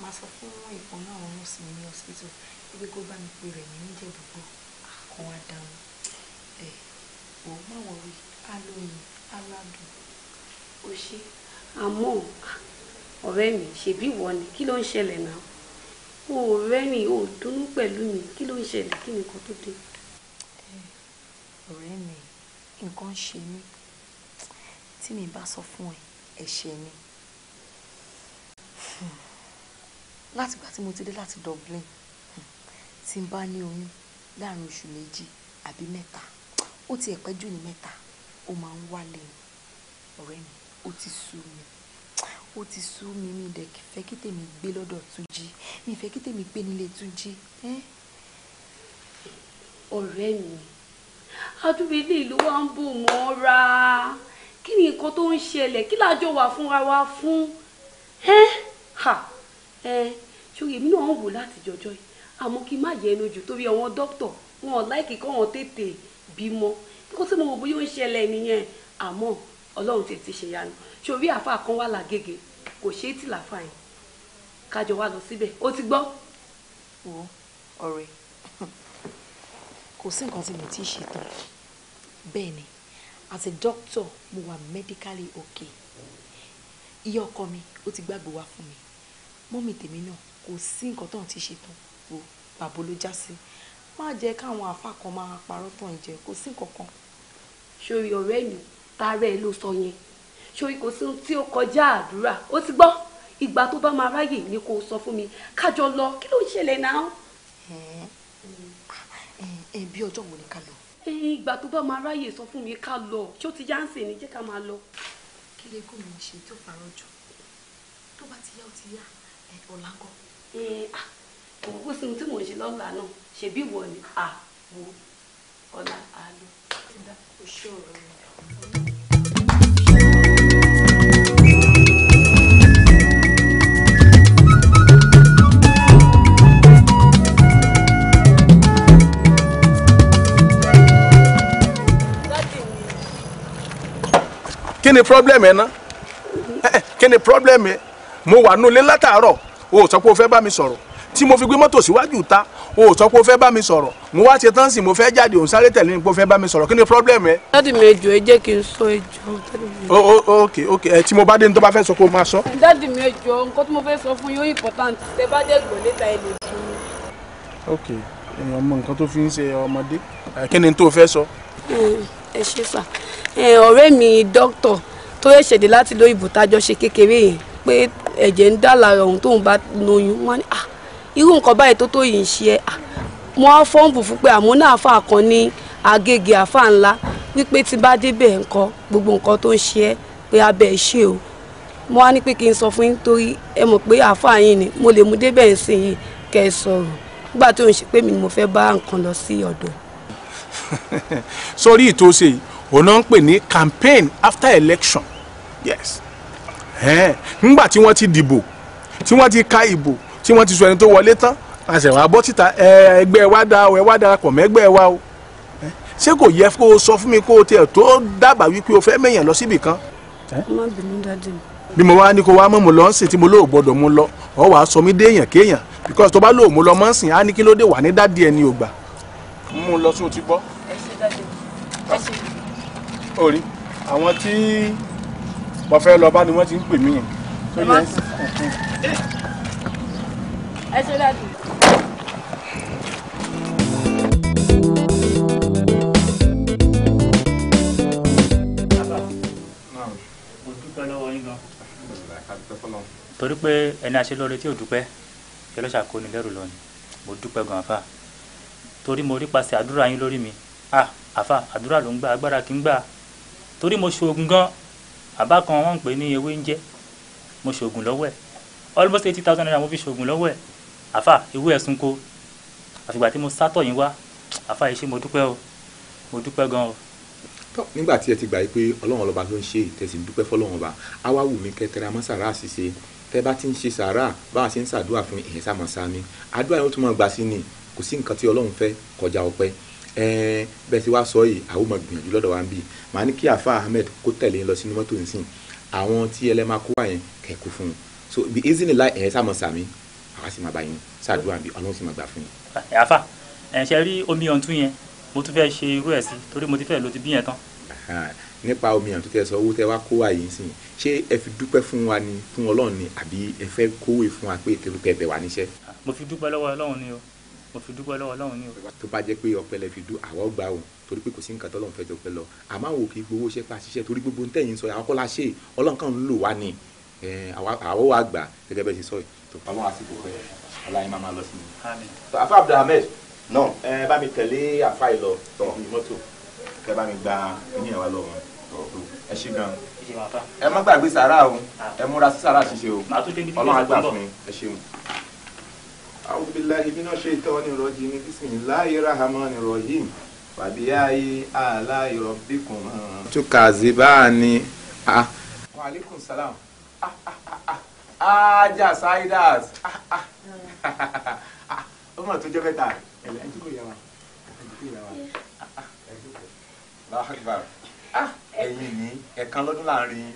máa sọ fún ìkan náà wọn sì ní hospital ibi kó bá mi pe rẹ̀ ní níjẹ̀dùgbò aládùn ó ṣe àmọ́ ọ̀rẹ́ mi ṣèbí ìwọ ni kí ló ń ṣẹlẹ̀ náà o ò rẹ́rìn o ò dunnú pẹ̀lú mi kí ló ń ṣẹlẹ̀ kí nìkan tó dé. Eh, ọ̀rẹ́ mi nǹkan ṣe mí tí mi bá sọ fún ẹ ẹ̀ṣẹ̀ ni látìgbà tí mo ti dé láti Dublin tí n bá ní oyún láàrin oṣù méjì àbí mẹ́ta ó ti pẹ́ jù ní mẹ́ta ó máa ń wálẹ̀ ni ọ̀rẹ́ mi ó ti sú mi ó ti sú mi mi dẹ̀ fẹ́ kí tèmi gbé lọ́dọ̀ Túnjí mi fẹ́ kí tèmi gbé nílé Túnjí. ọ̀rẹ́ mi àdúgbò ilé ìlú wa ń bò mọ́ra kí ni nǹkan tó ń ṣẹlẹ̀ kí lájọ wà fúnra wa fún ṣòro èmi náà ń wò láti jọjọ́ yìí àmọ́ kí n má yẹ ẹnu jù torí àwọn dókítà wọn ò láìkí kọ́ wọn tètè bímọ kó tí mo wò bóyá ó ń ṣẹlẹ̀ nìyẹn àmọ́ ọlọ́run tètè ṣe yanu ṣòrí àfa kan wà lágége kò ṣeé tì láfa yẹn kájọ wá lọ síbẹ̀ ó ti gbọ́. wo ọ̀rẹ́ kò sí nǹkan tí mo ti ṣe tán bẹ́ẹ̀ ni as a doctor mo wà medically okay iye ọkọ mi ó ti gbàgbé wá fún mi mọ́mì tèmi náà kò sí nǹkan tó ń ti ṣe tán wo bàbá ló já sí. Si má jẹ́ káwọn àfa kan máa parọ́ tàn jẹ kò sí kankan. sori ọ̀rẹ́ mi tààrẹ ló sọ yẹn sori kò sí ohun tí ó kọjá àdúrà ó ti gbọ́ ìgbà tó bá máa ráyè ni kò sọ fún mi kájọ lọ kí ló ń ṣẹlẹ̀ náà. ẹ bí ọjọ́ wo ni ká lọ. ìgbà tó bá máa ráyè sọ fún mi ká lọ ṣó ti já ń sè ní jẹ́ ká máa lọ. kí lè gómìnà ṣe tó parọ́ jù tó bá ti yá ó ti yá ọ̀làgọ́ gbogbo sí ohun tí mò ń ṣe lọ́la náà ṣebí ìwọ ni àwo ọ̀la àlọ́ ti dá oṣù ọ̀rọ̀ mi. kí ni problem ẹ ná mm-hmm. eh, eh, kí ni problem ẹ mo wà nulẹ̀ látàárọ̀ o sọ pé o fẹ́ bá mi sọ̀rọ̀ tí mo fi gbé mọ́tò síwájú ta o sọ pé o fẹ́ bá mi sọ̀rọ̀ mo wá ṣe tán sí mo fẹ́ jáde òun sáré tẹ̀lé ni pé o fẹ́ bá mi sọ̀rọ̀ kí ni problem ẹ. dáàdì mi ejò ẹ jẹ́ kí n sọ ejò. o o ok ok ẹ tí mo bá dé ní tó bá fẹ́ sọ kó o máa sọ. dáàdì mi ejò nǹkan tí mo fẹ́ sọ fún yóò important tẹ bá dé gbọ́ létà ẹ lè fún mi. ok èèyàn mọ nǹkan tó fi ń ṣe ọmọdé kí ni tó fẹ́ sọ. ẹ ṣe sà ọ̀rẹ́ mi dókítọ̀ tó ṣẹ̀ṣẹ̀dé láti lóyìnbó tájọ ṣe kékeré yẹn pé ẹ̀jẹ̀ ń dà lára òun tóun bá lóyún wọn ni ah irú nǹkan báyìí tó tó yìí ń ṣe ẹ́ ah, mo á fọ́ǹbù fún pé àmọ́ náà àfa kan ní agége àfa ńlá wípé tí bá débẹ̀ nǹkan gbogbo nǹkan tó ń ṣe ẹ́ pé abẹ́ ṣe o mo wá ní pé kí n sọ fún yín torí ẹ mọ̀ pé àfa yín ni mo lè mú débẹ̀ ń yín kẹ́ ẹ sọ̀rọ̀ nígbà tó ń ṣe pé mi ni mo fẹ́ bá nǹkan lọ sí ọ̀dọ̀. sórí ìtòsí òun náà ń pè ní campaign after election yes nígbà tí wọ́n ti dìbò tí wọ́n ti ka ìbò tí wọ́n ti sọ ẹni tó wọlé tán àṣẹwà bọ́ síta ẹgbẹ́ wa da ẹ wá darapọ̀ mẹ́gbẹ́ wa o ṣé kò yẹ kó o sọ fún mi kó o tiẹ̀ tó dábàá wípé o fẹ́ mẹ̀yàn lọ síbì kan. bí mo wá ní kó wá mọ̀ mo lọ ń sìn tí mo lóò gbọ́dọ̀ mo lọ ọ wàá sọ mí déèyàn kéèyàn because tó bá lóò mo lọ mọ́ ń sìn á ní kí ló dé wà ní dádì ẹni ò gbà. mo lọ sóò ti gbọ́. orí àwọn tí mo fẹ́ lọ bá ni wọ́n ti ń pè mí yẹn ẹ ṣe lẹ́dùn. torí pé ẹni aṣelóore tí ò dúpẹ́ kí ló ṣàkóni lẹ́rù lọ ni mo dúpẹ́ gan afa torí mo rí pasẹ̀ àdúrà yín lórí mi a àfa àdúrà ló ń gbà agbára kì í gbà torí mo ṣoògùn gan àbá kan wọ́n ń pè ní ewé ń jẹ mo ṣoògùn lọ́wọ́ ẹ̀ almost eighty thousand naira mo fi ṣoògùn lọ́wọ́ ẹ̀ àfà ewu ẹ̀sùn ko àfìgbà tí mo sátọ̀ yín wá àfà yìí ṣe mo dúpẹ́ o mo dúpẹ́ gan o. tọ́ nígbà tí ẹ ti gbà yí pé ọlọ́run ọlọ́ba ló ń ṣe ìtẹ̀sí dúpẹ́ fọlọ́run ọba àwa wù mí kẹtẹrẹ amọ́ sàrà àṣìṣe tẹ bá ti ń ṣe sàrà bá a ṣe ń ṣàdúrà fún ìyẹn sá màá àdúrà yẹn tún máa gbà sí ni kò sí nǹkan tí ọlọ́run fẹ́ kọjá ọpẹ́ bẹ́ẹ̀ tí wàá sọ yìí àwọn ọmọ gbìyànjú lọ́dọ̀ wa ń bì màá ní kí àfa Ahmed kó tẹ̀lé lọ sínú mọ́tò nísìn àwọn tí ẹlẹ́ máa kó wà yẹn kẹ̀kọ́ fún un so ibi easy ni láì ẹ̀yẹ sá a sì máa bá yín ṣàdúrà bí ọlọ́run sì máa gbà fún yín. àfa eh, ẹ eh, ṣe rí omi ọ̀ntún yẹn mo tún fẹ́ ṣe irú ẹ̀ sí torí mo ti fẹ́ lo ti bí yẹn tán. nípa omi ọ̀ntún tẹ sọ owó tẹ wá kó wa yìí sìn ṣé ẹ fi dúpẹ́ fún wa ni fún ọlọ́run ni àbí ẹ fẹ́ kówé fún wa pé tẹlifẹ bẹ̀ wá níṣẹ́. Ah, mo fi dúpẹ́ lọ́wọ́ ọlọ́run ni o mo fi dúpẹ́ lọ́wọ́ ọlọ́run ni o. tó bá jẹ́ pé ọpẹ́lẹ́ fi dún àwọn gbà o torí pé kò sí nǹkan tọ́lọ́run fẹ́ jọ pẹ́ lọ àmọ́ àwọn òkè gbowó ṣẹ́ pa ṣiṣẹ́ torí gbogbo ntẹ́yìn sọ àwọn kọ́lá ṣe ọlọ́run ń lò wá ni eh, àwọn àgbà gẹ́gẹ́ bẹ́ẹ̀ ṣe sọ yìí tó Ọlọ́run àti ìbùkún ẹ̀ ọláyín máa máa lọ sí mi. afa abdulhamid náà ẹ bá mi tẹ̀lé àfa ìlọ ní mọ́tò ẹ bá mi gba kíní ẹ̀ wá lọ́wọ́ ẹ ṣe gan ẹ má gbàgbé sàrà o ah. ẹ múra sí sàrà ṣíṣe o Ọlọ́run á gbà fún yín ẹ ṣeun. أعوذ بالله من الشيطان الرجيم بسم الله الرحمن الرحيم فبأي آلاء ربكما تكذبان وعليكم السلام ajá saidas ó mọ̀ tó jẹ́ mẹ́ta ẹ̀lẹ́ ẹ̀jú kò yẹ wa ẹ̀jú kò yẹ wa ẹ̀jú kò láhàgbà ẹ̀yìn ní ẹ̀kan lọ́dún láàrin.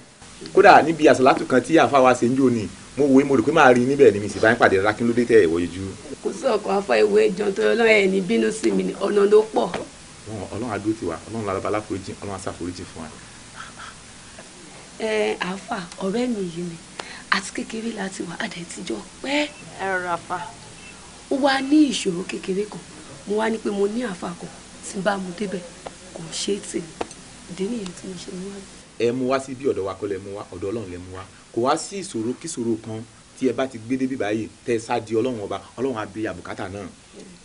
kódà níbi àsàlátù kan tí àfa wa ṣe ń jò ní mo wo mo rò pé máa rí níbẹ̀ ni mi sì bá ń pàdé rárá kí ló dé tẹ̀ ẹ̀wọ̀ yíjú. kò sí ọkọ̀ afọ ìwé ìjọ tó yọ lọ́yẹ̀ ní bínú sí mi ọ̀nà ló pọ̀. ọlọ́run adó tiwa ọlọ́run lábàbá aláforíjì ọlọ́run aṣàforíjì fún wa. ẹ àáfà ọ̀rẹ́ mi yìí ni àti kékeré láti wà àdé tíjọ pẹ́. ẹ rọra fa. ó wá ní ìṣòro kékeré kan mo wá ní pé mo ní àfa kan tí n bá mu débẹ̀ kò ṣe é tèmi ìdí nìyẹn tí mo ṣe mú wá. ẹ mú wá sí bí ọ̀dọ̀ wa kọ́ lẹ mú wá ọ̀dọ̀ ọlọ́run lẹ mú wá kò wá sí ìṣòro kíṣòro kan tí ẹ bá ti gbé débi báyìí tẹ sáà di ọlọ́run ọba ọlọ́run á náà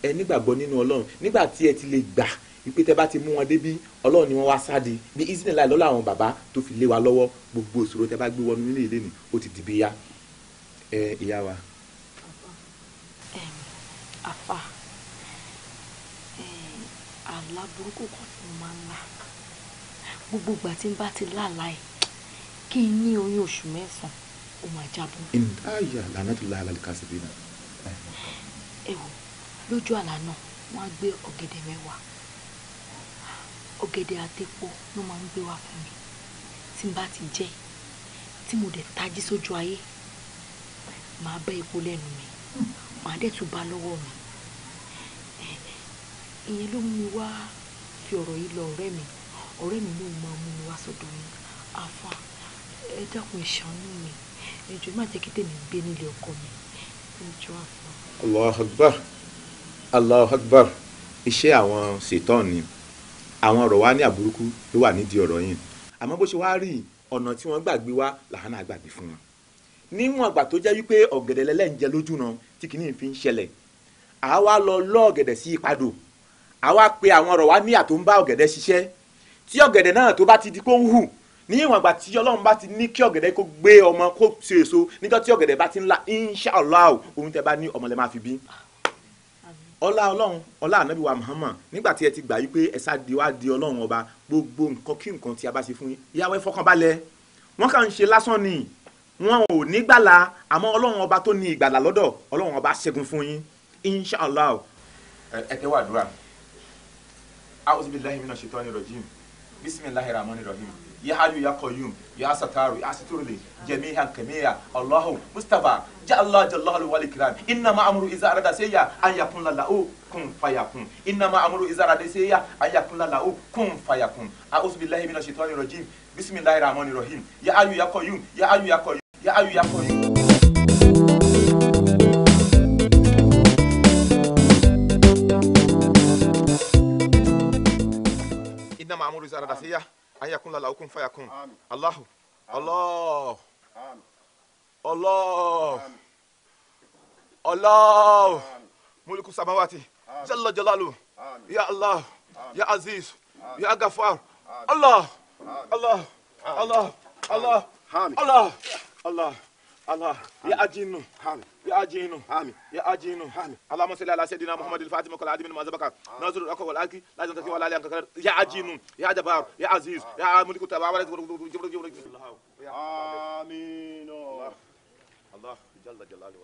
ẹ nígbàgbọ́ nínú ọlọ́run nígbà tí ẹ ti lè gbà wípé tẹ́ bá ti mú wọn débí ọlọ́run ni wọ́n wá sáde bí isnila lọ́la àwọn bàbá tó fi lé wa lọ́wọ́ gbogbo ìṣòro tẹ́ bá gbé wọnú nílé ilé ó ti dìbí ya ẹ ìyá wa. àfa àlá burúkú kan ni mo máa ń lá gbogbo ìgbà tí n bá ti láàlá ẹ kí n ní oyún oṣù mẹ́sàn-án ó máa jábọ́. ayà lànà tó la àlàlí kásìbí náà. ẹ wò lójú àlá náà wọn á gbé ọ̀gẹ̀dẹ̀ mẹ́wàá ọ̀gẹ̀dẹ̀ àtẹ̀pọ̀ ló máa ń gbé wá fún mi tí n bá ti jẹ́ tí mo dẹ̀ tají sójú ayé màá bá epo lẹ́nu mi màá dẹ̀ tún bá lọ́wọ́ mi ìyẹn ló mú mi wá fi ọ̀rọ̀ yìí lọ ọ̀rẹ́ mi ọ̀rẹ́ mi ló máa mú mi wá sọ́dọ̀ yín àfa ẹ dákun ìṣàánú mi ìjọ má jẹ́ kí tèmi gbé nílé ọkọ mi ìjọ àfa. Allahu Akbar Allahu Akbar iṣẹ́ àwọn ṣètọ́ ni àwọn ọ̀rọ̀ wa ní àbúrúkú ló wà nídìí ọ̀rọ̀ yìí àmọ́ bó ṣe wá rí ọ̀nà tí wọ́n gbàgbé wa làwọn náà gbàgbé fún wọn níwọ̀n àgbà tó jẹ́ wípé ọ̀gẹ̀dẹ̀ lẹ́lẹ́ǹjẹ lójú náà tí kìíní fi ń ṣẹlẹ̀ àwa lọ lọ́ ọ̀gẹ̀dẹ̀ sí ìpadò àwa pe àwọn ọ̀rọ̀ wa níyà tó ń bá ọ̀gẹ̀dẹ̀ ṣiṣẹ́ tí ọ̀gẹ̀dẹ̀ náà tó bá ti di kó ń hù níwọ̀n àgbà tí ọlọ́run bá ti ní kí ọ̀gẹ̀dẹ̀ kó gbé ọmọ kó ṣe èso níjọ́ tí ọ̀gẹ̀dẹ̀ bá ti ń la inshallah ohun tẹ́ bá ní ọmọ lẹ́ máa fi bí ọlá ọlọ́run ọlá ànábì wa Muhammad nígbà tí ẹ ti gbà yí pé ẹ sáà di wá di ọlọ́run ọba gbogbo nǹkan kí nǹkan tí a bá ṣe fún yín ìyàwó ẹ fọkànbalẹ̀ wọ́n kàn ń ṣe lásán ni wọn ò ní gbàlà àmọ́ ọlọ́run ọba tó ní ìgbàlà lọ́dọ̀ ọlọ́run ọba ṣẹ́gun fún yín inshallah. ẹ tẹ́ wàdúrà auzubillahi minash shaitani rajim bismillahir rahmanir rahim. يا حي يا قيوم يا ستار يا ستر لي جميعا كميا الله مصطفى جاء الله جل الله وعلا والكرام انما امر اذا اراد سيا ان يكون له كن فيكون انما امر اذا اراد سيا ان يكون له كن فيكون اعوذ بالله من الشيطان الرجيم بسم الله الرحمن الرحيم يا حي يا قيوم يا حي يا قيوم يا حي يا قيوم إنما أمر إذا أراد سيئة ayakun lala okun fayakun Allahu Allah Allah Allah muliku samawati jalla jalalu ya Allah ya aziz ya gafar Allah Allah Allah Allah Allah Allah. الله يا أجينو حامي يا أجينو حامي يا أجينو حامي اللهم صل على سيدنا محمد الفاتح وكل عادي ما سبق ناصر لا تنتهي ولا يا أجينو يا جبار يا عزيز يا ملك ولا آمين الله جل جلاله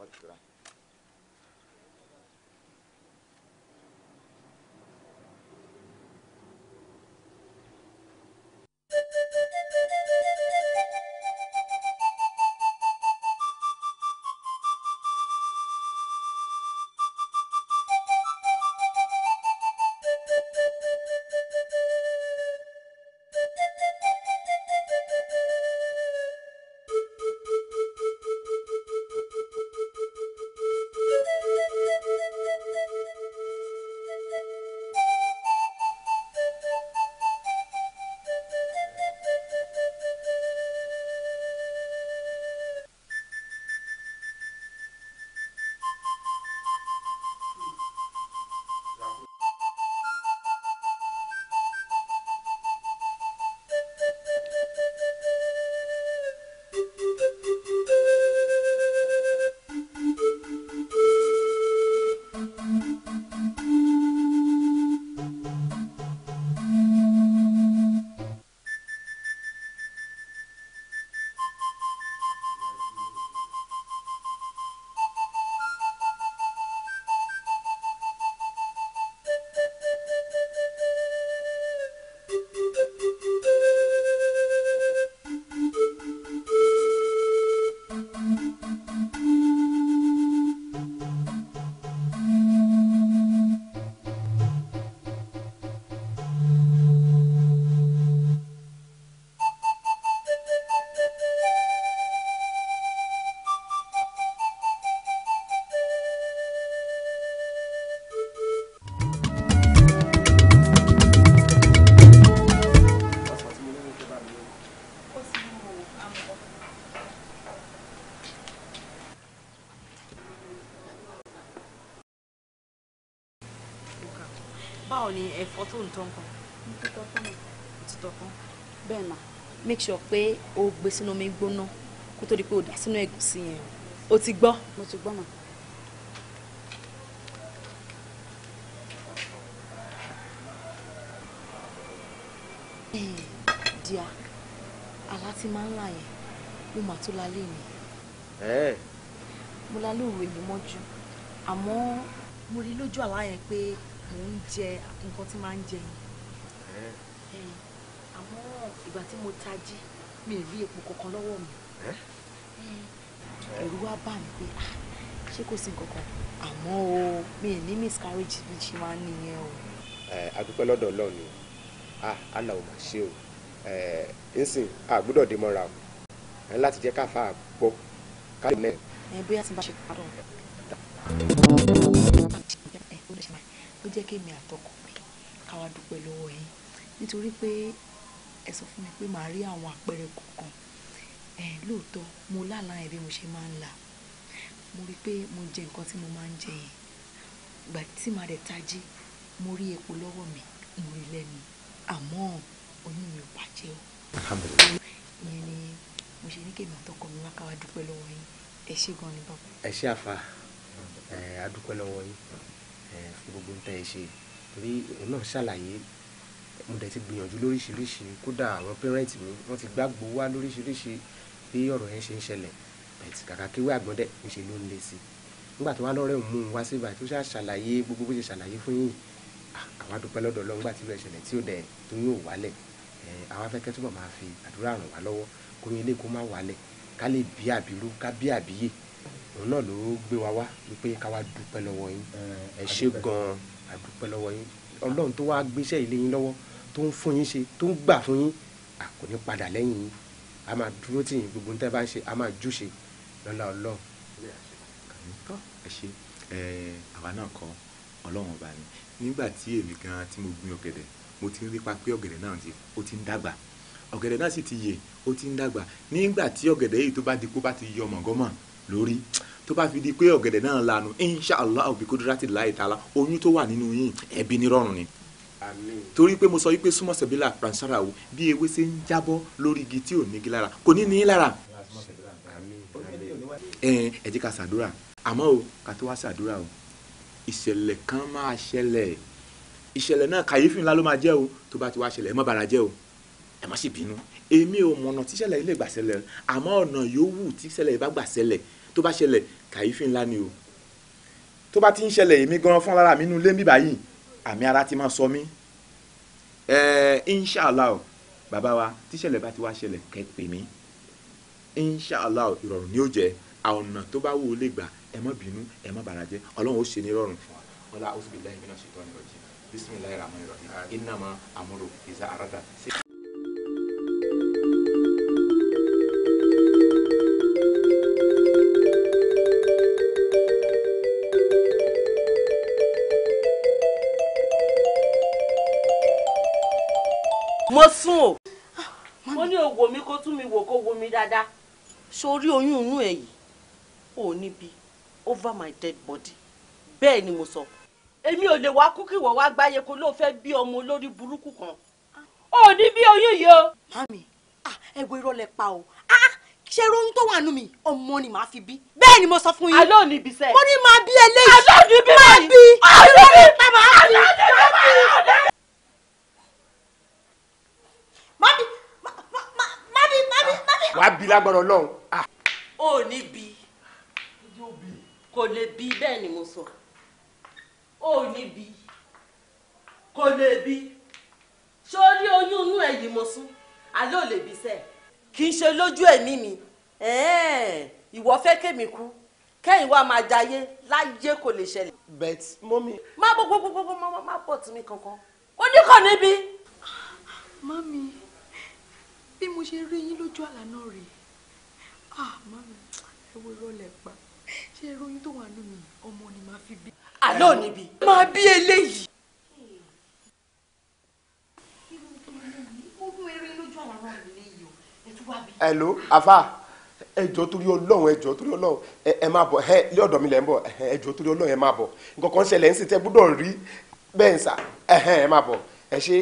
Thank you. nǹkan tó ń tán kan. òtítọ́ kan. òtítọ́ kan. bẹ́ẹ̀ ma make sure pé o gbé sínú omi gbóná kó tó di pé o dà sínú ẹ̀gúsí yẹn o ti gbọ́. mo ti gbọ́ ma. Eh, díà àlá tí máa ń là yẹn mo mà tó la lé mi. mo la lóòrè mi mọ́jú àmọ́ mo rí lójú àlá yẹn pé mò ń jẹ nǹkan tí máa ń jẹ yẹn àmọ́ ìgbà tí mo tají mi rí epo kankan lọ́wọ́ mi ẹ̀rù wá bà mí pé ah, ṣé kò sí nǹkankan àmọ́ o mi ì ní miscarriage bí ṣe máa ń nìyẹn o. àdúpẹ́ lọ́dọ̀ ọlọ́run ni àlà ah, ò mà ṣe o nsìn àgbọ́dọ̀ dé mọ́ra o láti jẹ́ káfa àgbọ́ ká lè ẹ bóyá tí n bá ṣe padà ó jẹ́ kémi àtọkọ mi káwa dúpẹ́ lọ́wọ́ yín nítorí pé ẹ sọ fún mi pé màá rí àwọn àpẹẹrẹ kọ̀ọ̀kan lóòótọ́ mo lálàá ẹ̀ bí mo ṣe máa ń là mo rí i pé mo jẹ nǹkan tí mo máa ń jẹ yẹn ìgbà tí màá dẹ̀ tají mo rí epo lọ́wọ́ mi mo rí lẹ́nu àmọ́ oyún mi ò bàjẹ́ o. ìyẹn ni mo ṣe ní kémi àtọkọ mi wá dúpẹ́ lọ́wọ́ yín ẹ ṣé gan ni bàbá. ẹ ṣé àfa ẹ adúpẹ́ lọ́wọ́ yín fún eh, gbogbo tẹ́ ẹ ṣe torí òun náà ṣàlàyé mo dẹ̀ ti gbìyànjú lóríṣiríṣi kódà àwọn pẹ́rẹ́ǹtì mi wọ́n ti gbàgbọ́ wá lóríṣiríṣi bí ọ̀rọ̀ yẹn ṣe ń ṣẹlẹ̀ bẹ̀tì kàkà kéwé àgbọ̀ndẹ̀ níṣẹ́ ló ń le sí i nígbà tó wá lọ́rẹ́ òun mú un wá síbà tó ṣàṣàlàyé gbogbo bó ṣe ṣàlàyé fún yìí àwa dúpẹ́ lọ́dọ̀ Ọlọ́run gbà tí ó òun náà ló gbé wa wá wípé ká wá dúpẹ́ lọ́wọ́ yín ẹ ṣé gan-an a dúpẹ́ lọ́wọ́ yín ọlọ́run tó wá gbéṣẹ́ ilé yín lọ́wọ́ tó ń fún yín ṣe tó ń gbà fún yín a kò ní padà lẹ́yìn yín a máa dúró tì yín gbogbo níta bá ń ṣe a máa júṣe lọ́la ọlọ́run. ẹ ṣe àwa náà kọ ọlọ́run ọba ni nígbà tí èmi gan tí mo gbin ọ̀gẹ̀dẹ̀ mo ti ń rí pa pé ọ̀gẹ̀dẹ̀ náà ó ti ń dàgbà ọ̀gẹ̀dẹ̀ náà sì ti yè ó ti ń dàgbà nígbà tí ọ̀gẹ̀dẹ̀ yìí tó bá di kó bá ti yọ mọ̀gọ́mọ̀ lórí tó bá fi di pé ọ̀gẹ̀dẹ̀ náà lanu inshallah òbí kò dúró láti láì tala oyún tó wà nínú yín ẹbí nírọ̀rùn ni. torí pé mo sọ wípé súnmọ́ sẹ̀bílà pransara o bí ewé ṣe ń jábọ́ lórí igi tí ò ní igi lára kò ní ní í lára. ẹ jẹ́ ká ṣàdúrà àmọ́ o ká tó wá ṣàdúrà o ìṣẹ̀lẹ̀ kan máa ṣẹlẹ̀ ìṣẹ̀lẹ̀ náà kàyéfì ńlá ló máa jẹ́ o tó bá ti wá ṣẹlẹ̀ ẹ má bara jẹ́ o ẹ má sì bínú èmi ò mọ̀nà tíṣẹ̀lẹ̀ ilé ìgbà ṣẹlẹ̀ àmọ́ ọ̀nà yòówù tíṣẹ̀lẹ̀ ìbá gbà ṣẹlẹ̀ tó bá ṣẹlẹ̀ kàyéfì ńlá ni o tó bá ti ń ṣẹlẹ̀ èmi gan fún ara mi nínú ilé mi báyìí àmì ara ti máa sọ mí inṣàlá o bàbá wa tíṣẹ̀lẹ̀ bá ti wá ṣẹlẹ̀ kẹ́ pè mí ìrọ̀rùn ni ó jẹ́ ọ̀nà tó bá wù ú lè gbà ẹ má bínú ẹ má bàrà jẹ́ ọlọ́run ó ṣe ní rọ̀rùn fún wa ọlá ó sì bí láì mí náà ṣètò ọ̀nà ìrọ̀jì bísí dáadáa sórí oyún inú ẹ yìí ò níbi over my dead body bẹ́ẹ̀ ni mo sọ. èmi ò lè wá kú kí ìwọ wá gbáyé kó ló fẹ́ bí ọmọ olórí burúkú kan ò ní bí oyún yìí o. mami ah, ẹ wo irọ́ lẹ pa o ah, ah, ṣe ronú tó wà nù mí ọmọ ni màá fi bí bẹ́ẹ̀ ni mo sọ fún yín. àlọ́ ní ibiṣẹ́. mo ní máa bí eléyìí. àlọ́ ní bí mi. máa bí. àlọ́ bí mi. máa bí mi. lágbára Ọlọ́run. ó ní bí kò lè bí bẹ́ẹ̀ ni mo sọ ó ní bí kò lè bí sórí oyún inú ẹ̀ yìí mo sún alẹ́ ò lè bí sẹ́ẹ̀ kì í ṣe lójú ẹ̀mí mi ìwọ fẹ́ kémi kú kẹ́yìn wá máa jayé láyé kò lè ṣẹlẹ̀. bet mọ́mí. má bọ́ bọ́ bọ́ bọ́ má má pọ̀ tún mi kankan ó ní kàn níbi. mami bí mo ṣe rí yín lójú àlá rèé ah mami ẹ wo ìrọ̀lẹ́ pa ṣé ìròyìn tó wà nínú mi ọmọ ni màá fi bí. àlọ́ níbi máa bí eléyìí. hello afa ẹjọ torí Ọlọ́run ẹjọ torí Ọlọ́run ẹ máa bọ̀ ẹ lé ọ̀dọ̀ mi lẹ ń bọ̀ ẹjọ torí Ọlọ́run ẹ máa bọ̀ nǹkan kan ṣẹlẹ̀ ń sì tẹ gbọ́dọ̀ rí bẹ́ẹ̀ sà ẹ máa bọ̀ ẹ ṣe.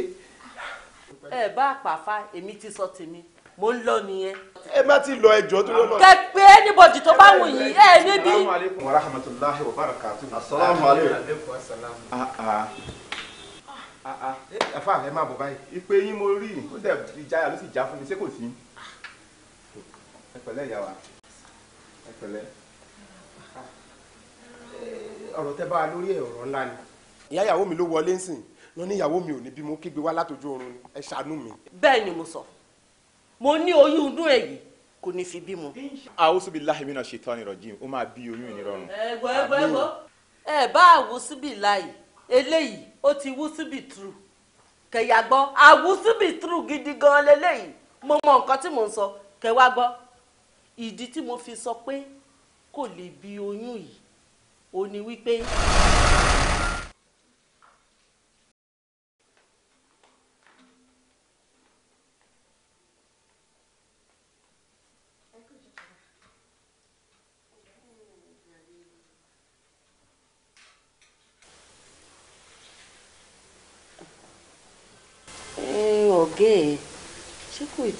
ẹ bá a pàfà èmi ti sọ tèmi mo ń lọ nìyẹn. ẹ má ti lọ ẹjọ́ tó lọ. kẹgbẹ́ anybody tó bá wù yín ẹ níbí. asalaamualeykum wa rahmatulahi wa barakatuh. asalaamualeykum. afa ah, ah. ah, ẹ má bọ̀ báyìí. ìpè yín mo rí ó dẹ̀ ìjáyà ló sì já fún mi ṣé kò sí. ẹ pẹ̀lẹ́ ìyá wa ẹ pẹ̀lẹ́ ọ̀rọ̀ tẹ́ bá a lórí ọ̀rọ̀ ńlá ni. ìyá ìyàwó mi ló wọlé ń sìn lọ ní ìyàwó mi ò ní bí mo kígbe wá látọjú oorun ẹ ṣàánú mi. bẹ́ẹ̀ ni mo sọ. So mo ní oyún inú èyí kò ní fi bímọ. àwòsùn bíi láì mìíràn ṣètò àníròjì ó máa bí oyún ìnirọrùn. ẹgbọ ẹgbọ ẹgbọ ẹ bá àwòsùn bíi eléyìí ó ti wú síbi tru kẹyà gbọ́ àwòsùn bíi tru gidi gan leléyìí mo mọ nǹkan tí mò ń sọ kẹwàá gbọ́ ìdí tí mo fi sọ pé kò lè bí oyún yìí ó ní wípé.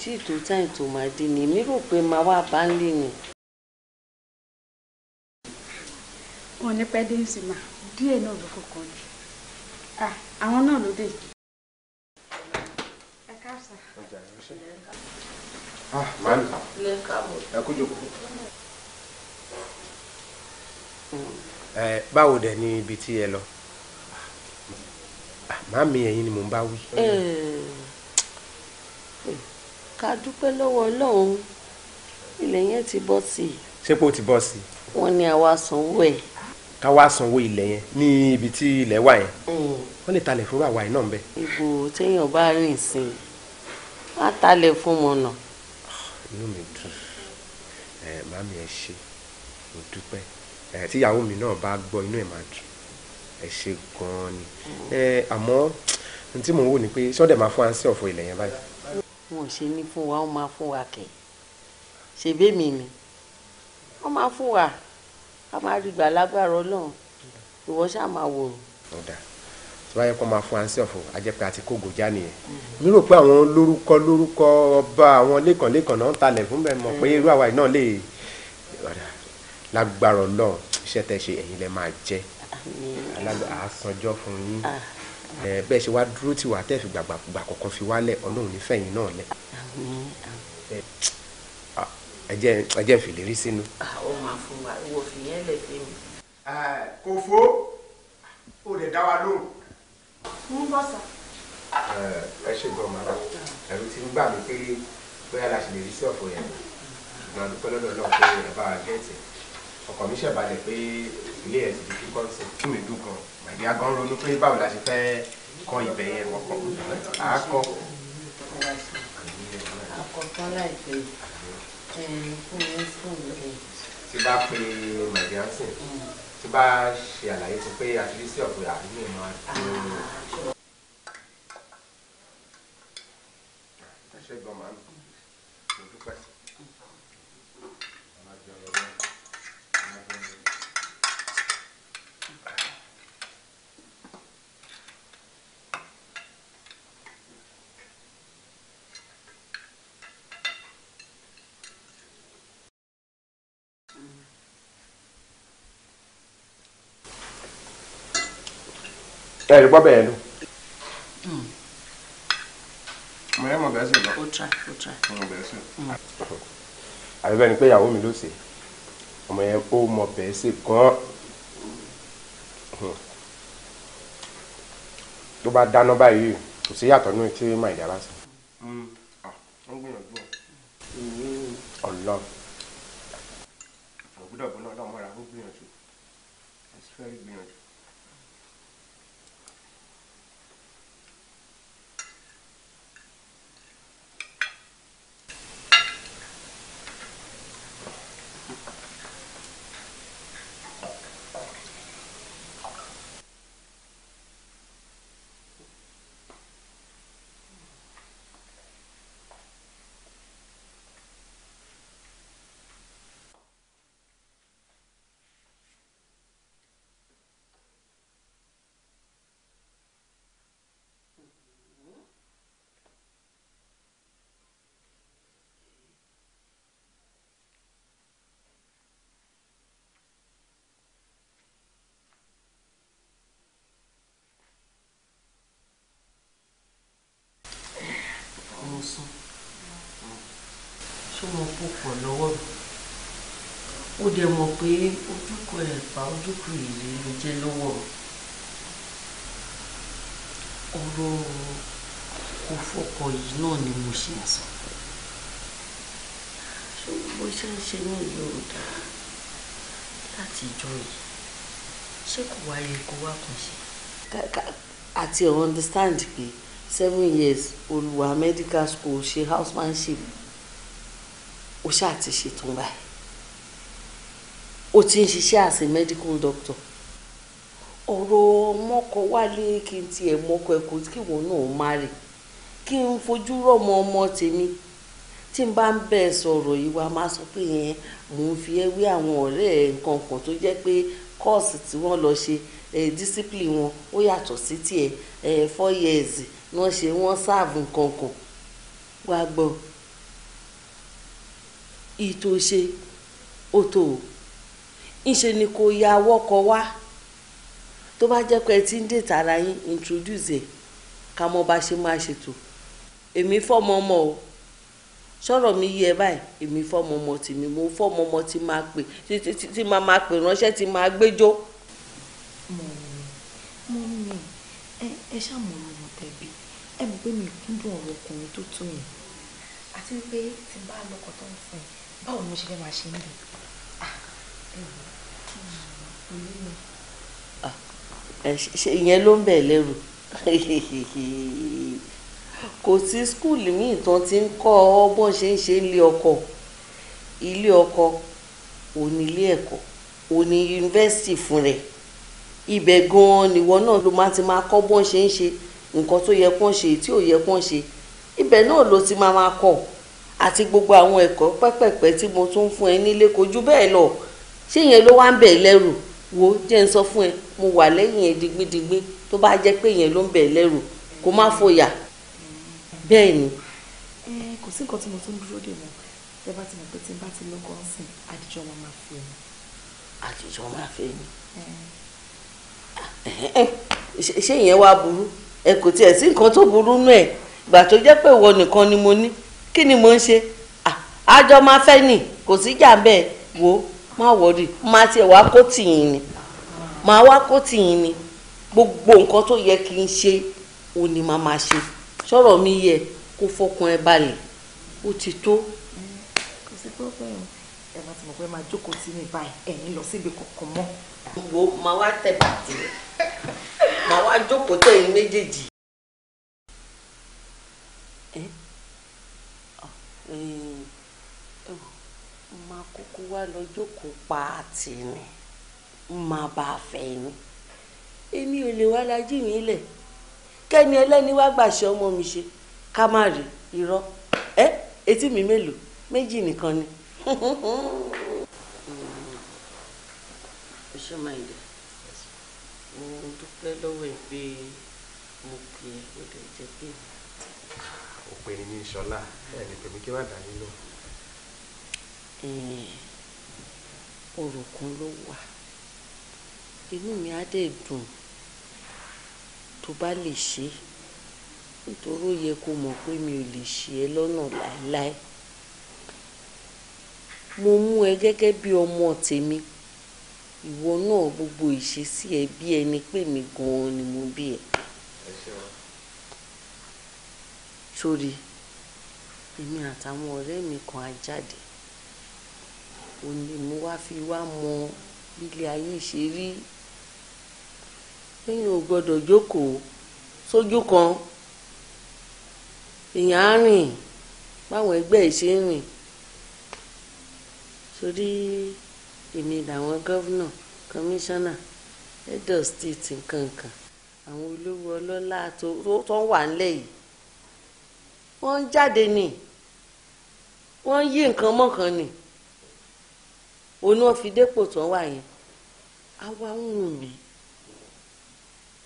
tí ì tó táì tó máa dé ni èmi rò pé máa wá bá ń lè ní. wọn ní pẹ́ dé ń sìn mà díẹ̀ náà ló kọ́kọ́ ni àwọn náà ló dé. Hmm. ẹ báwo dẹ̀ ni ibi tí ẹ lọ màámi ẹ̀yin ni mò ń bá wí. Eh. Hmm ká dúpẹ́ lọ́wọ́ ọlọ́run ilẹ̀ yẹn ti bọ́ sí i. ṣé kó o ti bọ́ sí i. wọ́n ní àwa sanwó ẹ̀. ká wá sanwó ilẹ̀ yẹn ní ibi tí ilẹ̀ wà yẹn. Hmm. wọ́n lè talẹ̀ fún àwa yìí náà bẹ́ẹ̀. ibo téèyàn bá rìn sí i wọ́n á talẹ̀ fún mọ̀nà. inú mi dùn ẹ màmí ẹ ṣe mo dúpẹ́ ẹ tíyàwó mi náà bá gbọ́ inú ẹ̀ máa dùn ẹ ṣe gan-an ni hmm. ẹ àmọ́ ohun tí mò ń wò ni pé ṣọ́ọ́dẹ̀ máa fún ansẹ́ ọ̀fọ̀ ilẹ̀ yẹn báyìí wọn ò ṣe ní fún wa wọn máa fún wa kẹ ṣe bẹ́ẹ̀mì mi wọn máa fún wa a máa rí gbà lágbára ọlọ́run ìwọ ṣáà máa wò ó. ọ̀dà tí wọ́n yẹ kó máa fún ansi ọ̀fọ̀ ajẹ́pẹ́ àti kógo já nìyẹn mi rò pé àwọn lórúkọ lórúkọ ọba àwọn lẹ́kànlẹ́kàn náà ń talẹ̀ fún bẹ́ẹ̀ mọ̀ pé irú àwa yìí náà lè lágbára ọlọ́run iṣẹ́ tẹ́ ṣe ẹ̀yin lẹ́ máa jẹ́ alágbára àásánjọ́ fún yín. Ah bẹ́ẹ̀ ṣe wá dúró tì tẹ́ fi gbàgbà kọ̀ọ̀kan fi wálẹ̀ ọlọ́run nífẹ̀yìn náà lẹ̀. ẹ jẹ́ ìfìlérí sínú. ó máa fún wa ìwọ fìyẹn lè fi mi. kò fó o lè dá wa lóhùn. ń bọ̀ sà. ẹ ṣe gbọ́ màdà ẹ̀rù ti ń gbà mí pé bóyá la ṣe lè rí sí ọ̀fọ̀ yẹn náà dúpẹ́ lọ́dọ̀ náà pé ẹ bá wa gẹ̀ẹ́tì ọkọ̀ mi ṣẹ̀balẹ̀ pé ilé ẹ̀ ti di kíkọ́ sí i. kí mi dùn gan-an àbí agan ronú pé báwo la ṣe fẹ́ kọ ibẹ̀ yẹn wọ́pọ̀ á kọ́. àkọ́kọ́ láìpẹ́ fún mi fún mi. tí bá pe màdì hansen mm. tí bá ṣe àlàyé fún pé àfirísí ọ̀pẹ àdúgbò máa tó. ṣé gbọ́n máa ń ẹ rí bọ́bẹ̀ yẹn lọ. mo yẹ mọ bẹ́ẹ̀ sè lọ. o tra o tra. mo bẹ́ẹ̀ sè. àbí bẹ́ẹ̀ ni pé ìyàwó mi ló sè ọmọ yẹn ó mọ bẹ́ẹ̀ sè gan-an tó bá dáná báyìí kò sí yàtọ̀ nínú tí màá ìdára sí. ọlọ́run. ògbúdọ̀ gbóná ọlọ́run mọ́ra ó gbìyànjú. it's very gbìyànjú. pé ojúkọ ẹ̀pà ojúkọ ìlú ló jẹ́ lọ́wọ́ ọ̀rọ̀ kò fọkọ yìí náà ni mo ṣe ń sọ ṣé bó ṣe ń ṣe ní ìlú ọ̀dà láti ìjọ yìí ṣé kò wáyé kó wá kàn ṣe. àti understand pé seven years olùwà medical school ṣe housemanship ó ṣáà ti ṣètò báyìí ó ti ń ṣiṣẹ́ as a medical doctor ọ̀rọ̀ ọmọkọ wálé kí n tiẹ̀ mọ́kọ ẹ̀kọ́ kí wọn náà má rè kí n fojú rọ̀mọ ọmọ tèmi tí n bá ń bẹ̀ sọ̀rọ̀ yìí wá máa sọ pé yẹn mò ń fi ẹwé àwọn ọ̀rẹ́ ẹ̀ nǹkan kan tó jẹ́ pé kọ́ọ̀sì tí wọ́n lọ ṣe discipline wọn ó yàtọ̀ sí tiẹ̀ four years ni wọ́n ṣe wọ́n sáàbù nǹkan kan wá gbọ́ ìtòṣe ó tó o ńṣe ni kò ya wọ́kọ wá tó bá jẹ́ pé ẹ ti ń dètà ara yín introduce ẹ̀ ká mọ bá ṣe máa ṣètò èmi fọmọ ọmọ o sọ̀rọ̀ mi yẹ báyìí èmi fọmọ ọmọ tèmi mo fọmọ ọmọ tí máa pè tí máa máa pè ránṣẹ́ tí máa gbẹ́jọ́. mo mi ẹ ṣàmọ̀ ọmọ tẹ̀bi ẹ mọ̀ pé mi kúndùn ọ̀rọ̀ ọkùnrin tó tó yẹn àti pé tí n bá lọkọ̀ tó ń fún ẹ báwo ni mo ṣe fẹ́ máa ṣe ń bẹ̀. Ah, Ah, ìyẹn ló ń bẹ̀ lẹ́rù kò sí skul míì tán ti ń kọ́ ọ bó ṣe ń ṣe ilé ọkọ ilé ọkọ òní ilé ẹ̀kọ́ òní yunifásitì fún rẹ̀ ibẹ̀ gan-an nìwọ náà ló máa ti máa kọ́ bó ṣe ń ṣe nǹkan tó yẹ kán ṣe tí ò yẹ kán ṣe ibẹ̀ náà ló ti máa kọ́ àti gbogbo àwọn ẹ̀kọ́ pẹ́pẹ̀pẹ́ tí mo tún fún ẹ nílé kò bẹ́ẹ̀ lọ ṣé ìyẹn ló wá ń bẹ̀ lẹ́rù wo jẹ́ ń sọ fún ẹ mo wà lẹ́yìn ẹ digbidigbi tó bá jẹ́ pé yẹn ló ń bẹ̀ lẹ́rù kó má fòyà bẹ́ẹ̀ ni. ẹ kò sí nǹkan tí mo tún dúró dè mọ́ ẹ bá ti mọ̀ pé tí n bá ti lọ́kọ̀ ọ̀sìn àdìjọ́ máa máa fẹ́ mi. àdìjọ́ máa fẹ́ mi. ṣé ìyẹn wá burú ẹ kò tiẹ̀ sí nǹkan tó burú nù ẹ̀ ìgbà tó jẹ́ pé ìwọ nìkan ni mo ní kí ni mo ń ṣe àjọ máa fẹ́ nì kò sí jà bẹ́ẹ̀ wò ó má wọrí má tiẹ̀ wá kó tìyìn ni má wá kó tìyìn ni gbogbo nǹkan tó yẹ kí n ṣe ò ní má má ṣe sọ̀rọ̀ mi yẹ kó fọkàn ẹ balẹ̀ ó ti tó. kò sí problem ẹ bá ti mọ̀ pé máa jókòó tì mí báyìí ẹ̀yin lọ síbi kankan mọ́. wo máa wá tẹ̀ bàtì máa wá jókòó tẹ̀yìn méjèèjì. 嗯。wá lọ jókòó pa àtì ni máa bá a fẹ́ ni èmi ò lè wá lajú mi lẹ̀ kẹ́ni ẹlẹ́ni wá gbàṣẹ ọmọ mi ṣe ká má rí irọ́ ẹ etí mi mélòó méjì nìkan ni. ṣé máa ń dẹ mo dúpẹ́ lọ́wọ́ ẹ pé mo pè é ó lè jẹ́ pé. òpin ni ṣọlá ẹnì pèmí kí wàá dà nínú ọ̀rọ̀ kan ló wà inú mi á dẹ̀ dùn tó bá lè ṣe nítorí ó yẹ kó mọ̀ pé mi ò lè ṣe ẹ́ lọ́nà láéláé mo mú ẹ gẹ́gẹ́ bí ọmọ tèmi ìwọ náà gbogbo ìṣesí ẹ bí ẹni pé mi gan-an ni mo bí ẹ. sórí èmi àtàwọn ọ̀rẹ́ mi kan á jáde òun lè mú wá fi wá mọ bí ilé ayé ṣe rí èèyàn ò gbọ́dọ̀ jókòó sójú kan èèyàn á rìn báwọn ẹgbẹ́ ẹ̀ ṣe ń rìn torí èmi làwọn gọ́vnà kọmíṣánná head of state nkankan àwọn olówó ọlọ́lá tó wà ńlẹ̀ yìí wọ́n ń jáde ni wọ́n ń yí nǹkan mọ́kàn ni oní wọn fi dépò tán wà yẹn á wá ń wù mí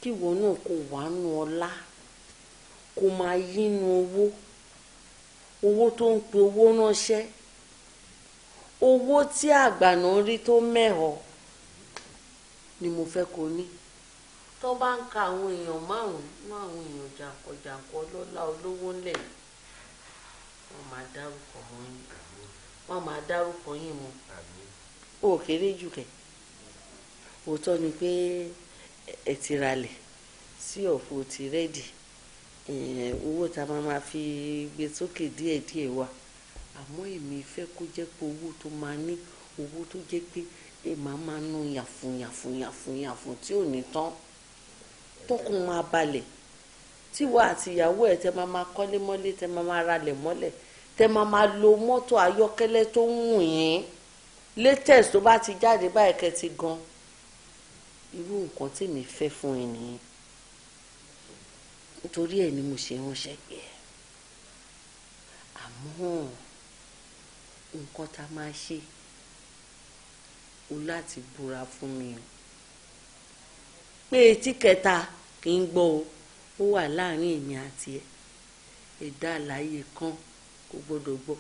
kí ìwọ náà kò wá nu ọlá kò máa yínú owó owó tó ń pe owó ránṣẹ́ owó tí àgbàná rí tó mẹ́họ ni mo fẹ́ kó ní tó bá ń ka àwọn èèyàn márùn-ún mọ́ àwọn èèyàn jàǹkọ̀jàǹkọ̀ olówó ńlẹ̀ wọ́n máa dárúkọ yín wọ́n máa dárúkọ yín mu ó kéré jù kẹ òótọ́ ni pé ẹ ti ralẹ̀ sí ọ̀fọ̀ ti rẹ́dì owó tá a máa fi gbé sókè díẹ̀díẹ̀ wa àmọ́ èmi fẹ́ kó jẹ́ pé owó tó máa ní owó tó jẹ́ pé èèmà máa ná yàfùn yàfùn yàfùn yàfùn tí ò ní tán tọkùn máa balẹ̀ tíwọ́ àti ìyàwó ẹ̀ tẹ́ máa máa kọ́lé mọ́lé tẹ́ máa máa ralẹ̀ mọ́lẹ̀ tẹ́ máa máa lo mọ́tò ayọ́kẹ́lẹ́ tó ń wù yín latest tó bá ti jáde báyìí kẹtì gan irú nǹkan tèmi fẹ́ fún ẹ nìyẹn nítorí ẹ ni mo ṣe ránṣẹ́ pé ẹ àmọ́ nǹkan tá a máa ṣe o láti búra fún mi o pé etí kẹta kì í gbọ́ o ó wà láàrin èmi àti ẹ ẹ̀dá àlàyé kan kò gbọ́dọ̀ gbọ́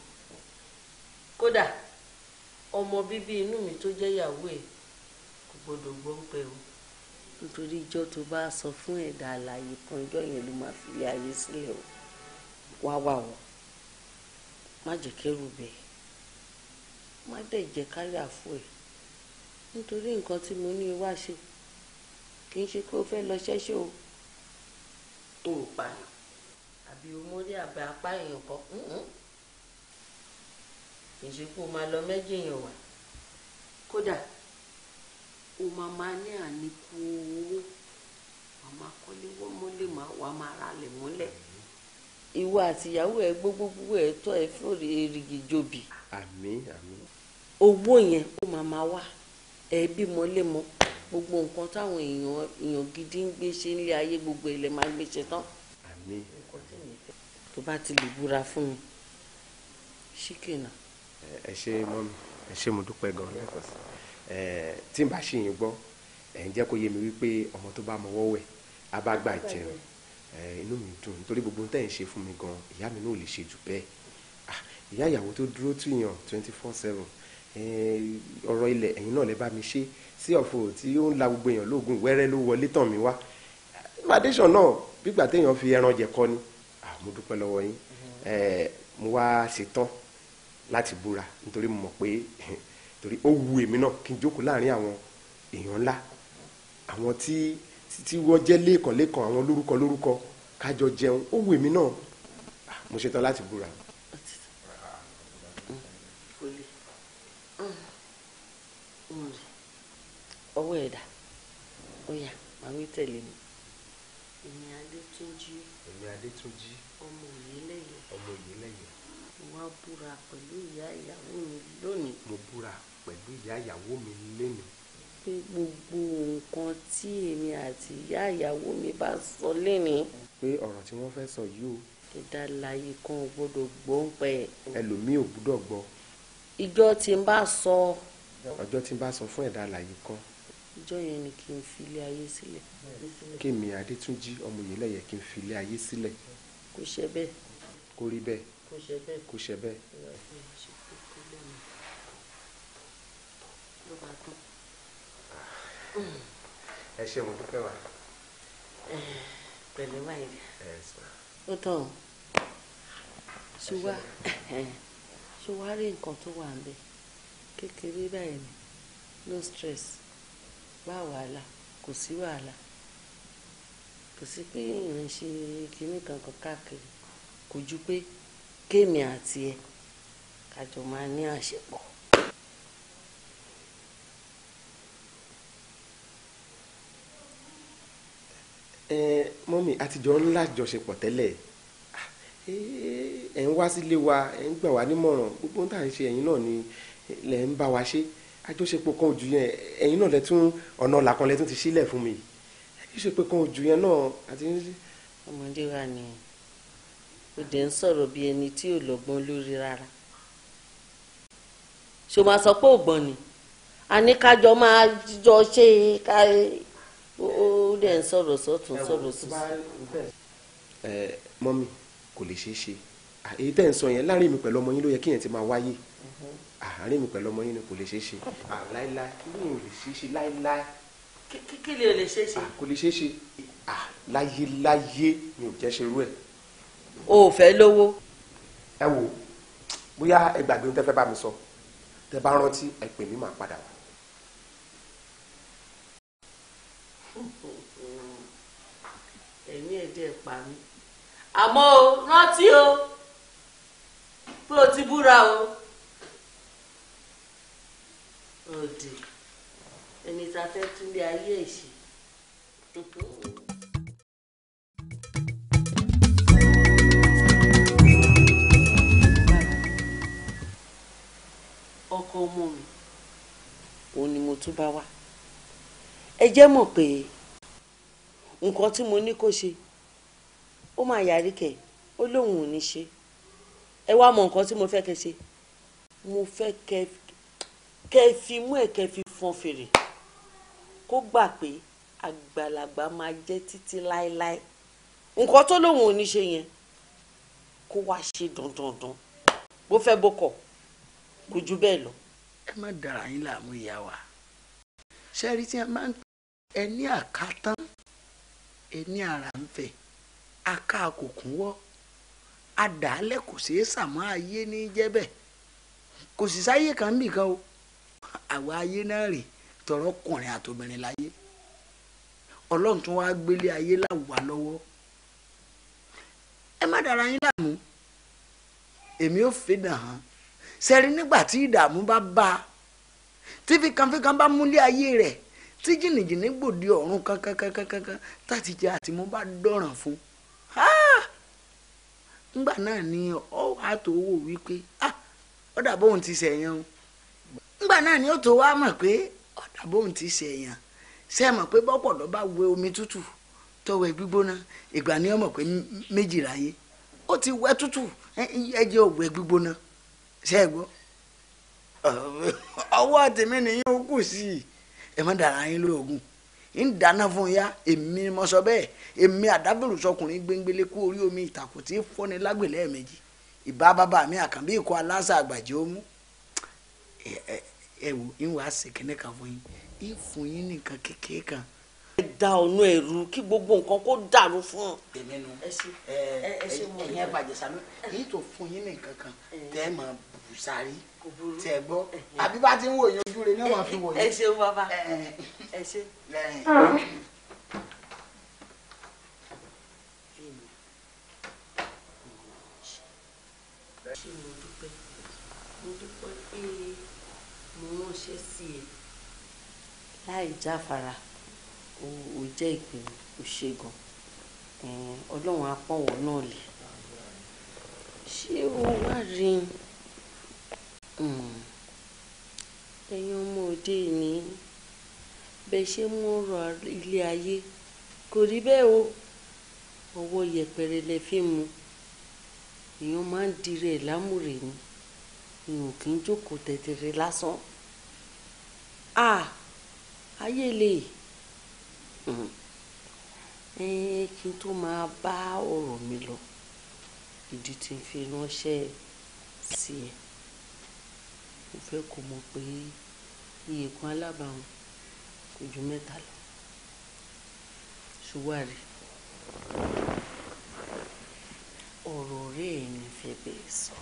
kódà. ọmọ bíbí inú mi tó jẹ́ ìyàwó ẹ̀ kò gbọdọ̀ gbọ́ ń o. nítorí ìjọ tó bá sọ fún ẹ̀dá àlàyé kan ìjọ yẹn ló máa fi ayé sílẹ̀ o wá wà o má jẹ́ kẹ́rù bẹ́ẹ̀ má dẹ̀ jẹ́ kárí àfọ ẹ̀ nítorí nǹkan tí mo ní wá ṣe kì í ṣe pé o fẹ́ lọ ṣẹ́ṣẹ́ o o pa pààyàn àbí o mórí àbẹ apá èèyàn kan. kì í ṣe kó o lọ méjì yẹn wà kódà o máa máa ní àníkù owó wàá máa kọ́lé wọ́mọ́lé wàá máa ra lẹ̀ mọ́lẹ̀ ìwọ àtìyàwó ẹ gbogbogbò ẹ tọ́ ẹ fún èrìgì jòbì. àmín àmín. owó yẹn ó máa máa wá ẹ bímọ lémọ gbogbo nǹkan táwọn èèyàn èèyàn gidi ń gbé ṣe nílé ayé gbogbo ilẹ̀ máa gbé ṣe tán. àmín. tó bá ti lè búra fún mi ṣíkìnà ẹ ṣe mọ́mí ẹ ṣe mo dúpẹ́ gan lẹ́kọ̀ọ́ sí ẹ tí n bá ṣe yín gbọ́ ẹ ń jẹ́ kó yé mi wípé ọmọ tó bá mọwọ́ wẹ̀ á bá gbà jẹun ẹ inú mi dùn nítorí gbogbo ohun tẹ́ ṣe fún mi gan ìyá mi náà lè ṣe jù bẹ́ẹ̀ ìyá ìyàwó tó dúró tìyàn twenty four seven ọ̀rọ̀ ilẹ̀ ẹ̀yin náà lè bá mi ṣe sí ọ̀fọ̀ tí ó ń la gbogbo èèyàn lóògùn wẹ́rẹ́ ló wọlé tàn mí wá foundation náà gbígbà téèyàn fi ẹran jẹ kọ́ ni mo dúpẹ́ lọ́wọ́ yín mo wá ṣetán láti búra nítorí mo mọ̀ pé torí ó wu èmi náà kí n jókòó láàrin àwọn èèyàn ńlá àwọn tí tí wọ́n jẹ́ lẹ́ẹ̀kan lẹ́ẹ̀kan àwọn lórúkọ lórúkọ kájọ jẹun ó wu èmi náà ah, mo ṣetán láti búra. ọwọ́ ẹ̀dá ó yá tẹ̀lé mi. èmi adétúnjí. èmi adétúnjí. ọmọ wá búra pẹ̀lú ìyá ìyàwó mi lónìí. mo búra pẹ̀lú ìyá ìyàwó mi lénìí. pé gbogbo nǹkan tí èmi àti ìyá ìyàwó mi bá sọ lénìí. pé ọ̀rọ̀ tí wọ́n fẹ́ sọ yìí o. ìdálàyé kan ò gbọ́dọ̀ gbọ́ ń pẹ́. ẹlòmíì ò gbọ́dọ̀ gbọ́. ìjọ tí n bá sọ. ọjọ́ tí n bá sọ fún ìdálàyé kan ìjọ yẹn ni kí n fi ilé ayé sílẹ̀. kémi adétúnjì ọmọyẹlẹyẹ kí n fi ilé ayé sílẹ̀. kò ṣe bẹ́ẹ̀. kò bẹ́ẹ̀ kò ṣe bẹ́ẹ̀. ẹ ṣe mo dúpẹ́ wa. pẹ̀lú wáyé ó tán o ṣùwá ṣùwá rí nǹkan tó wà ń bẹ kékeré báyìí ni no stress bá wàhálà kò sí wàhálà kò sí pé ìrìn ṣe kinní kankan káàkiri kò ju pé kémi àti ẹ kájọ máa ní àṣepọ̀. ẹ mọ́mì àtijọ́ ńlá jọṣepọ̀ tẹ́lẹ̀ ẹ ń wá sílé wa ẹ ń gbà wá nímọ̀ràn gbogbo ń tà ń ṣe ẹ̀yin náà ni lẹ̀ ń bá wa ṣe àjọṣepọ̀ kan ojú yẹn ẹ̀yin náà lẹ́tún ọ̀nà ọ̀là kan lẹ́tún ti sílẹ̀ fún mi àjọṣepọ̀ kan ojú yẹn náà àti. ọmọdé wa ni ó dẹ̀ ń sọ̀rọ̀ bí ẹni tí ò lọ́gbọ́n lórí rárá ṣò máa sọ pé ògbọ́n ni a ní kájọ máa jọ ṣe ká ó dẹ̀ ń sọ̀rọ̀ sọ̀tún sọ̀rọ̀ sọ̀tún. ẹ mọ́mí kò lè ṣeé ṣe èyí tẹ́ ń sọ yẹn láàrin mi pẹ̀lú ọmọ yín ló yẹ kí yẹn ti máa wáyé mm-hmm. àárín mi pẹ̀lú ọmọ yín ni kò lè ṣeé ṣe láíláí kí ni ò lè ṣeé ṣe láíláí. kí ni ò lè ṣeé ṣe. kò lè ṣeé ṣe láyéláyé mi ò jẹ́ ṣerú ẹ̀ o ò fẹ́ lówó. ẹ wo bóyá ẹ gbàgbé tẹ́ fẹ́ bá mi sọ tẹ́ bá rántí ẹ pè mí máa padà wá. ẹ̀mí ẹ̀ dẹ̀ pa mí àmọ́ o rántí o pé o ti búra o. òde ẹni tá a fẹ́ tún lé ayé ẹ̀ ṣe. ọkọ ọmọ mi òun ni mo tún bá wá ẹ jẹ́ mọ̀ pé nǹkan tí mo ní kó ṣe ó máa yàrí kẹ̀ ó lóun ò ní ṣe ẹ wá mọ nǹkan tí mo fẹ́ kẹ́ ṣe mo fẹ́ kẹ́ fi mú ẹ̀ kẹ́ fi fọn fèrè kó gbà pé àgbàlagbà máa jẹ́ títí láéláé nǹkan tó lóun ò ní ṣe yẹn kó wá ṣe dandandan bó fẹ́ bó kọ̀ kò jù bẹ́ẹ̀ lọ. ẹ má dara yín láàmú ìyá wa ṣẹ́rí tí a máa ń ẹ ní àkátán ẹ ní ara ń fẹ́ aká kò kún wọ́ adàálẹ̀ kò ṣeé sàmọ́ ayé ní jẹ́bẹ̀ kò sì sáyé kan nìkan o àwa ayé náà rè tọrọ kùnrin àtòbìnrin láyé ọlọ́run tún wá gbélé ayé láwùwá lọ́wọ́ ẹ má dara yín láàmú èmi ò fèdà hàn sẹ́rí nígbà tí ìdààmú bá bá a tí fíkanfíkan bá múlé ayé rẹ̀ tí jìnnìjìnnì gbòde ọ̀run kankankankankan táti jẹ àtìmú bá dọ̀ràn fún ngbà náà ni ọ tó wò wípé ọ dàbọ̀ òun ti sẹ̀yàn o ngbà náà ni ó tó wá mọ̀ pé ọ dàbọ̀ òun ti sẹ̀yàn ṣe mọ̀ pé bọ́pọ̀lọ́ bá wẹ omi tútù tọwẹ́ gbígbóná ìgbà ni ó mọ̀ pé ó ti wẹ tútù ẹ jẹ́ ṣẹ́gbọ́ ọwọ́ àtẹ̀mí nìyẹn okwu si sí i ẹ má dara yín ya èmi mo sọ bẹ́ẹ̀ èmi àdábẹ̀rù sọkùnrin kú orí omi ìtàkùn tí fọ́ni lágbèlẹ́ ẹ̀mẹ́jì ìbá bàbá mi àkànbí ikọ̀ aláṣà àgbàjì ó mú ẹ wo ń wàá ṣèkínní kan fún yín ń fún ẹ da ọ̀nà ẹ̀rú kí gbogbo nǹkan kó dàrú fún un. èmi nu ẹ̀yin àgbàjẹ́ sami èyí tó fún yín nìkan kan tẹ́ ẹ máa bù sáré tẹ́ ẹ gbọ́ àbí bá ti ń wòye ojú rẹ náà wà fi wòye. ẹ ṣeun bàbá ẹ ṣe. ṣé mo dúpẹ́ mo dúpẹ́ pé mo ránṣẹ́ sí ẹ láì jáfara o jẹ́ ìpinnu o ṣe gan ọlọ́run apọ̀wọ̀ náà lè ṣé o wá rí hmm. ẹ̀yin ọmọ òde ní bẹ́ẹ̀ ṣe mú ọ̀rọ̀ ilé ayé kò rí bẹ́ẹ̀ o ọwọ́ yẹpẹrẹ lẹ fi mu èèyàn máa ń dirẹ̀ lámùrè ni èèyàn kì í jókòó tẹ̀tẹ̀rẹ̀ lásán a ayé lè. Ah, Mm-hmm. kí n tó máa bá ọ̀rọ̀ mi lọ ìdí tí n fi ránṣẹ́ sí ẹ mo fẹ́ kó mọ̀ pé iye kan alábàáhùn kò ju mẹ́ta lọ ṣùgbọ́n àrí ọ̀rọ̀ rẹ̀ ní fẹ́ bẹ́ẹ̀ sọ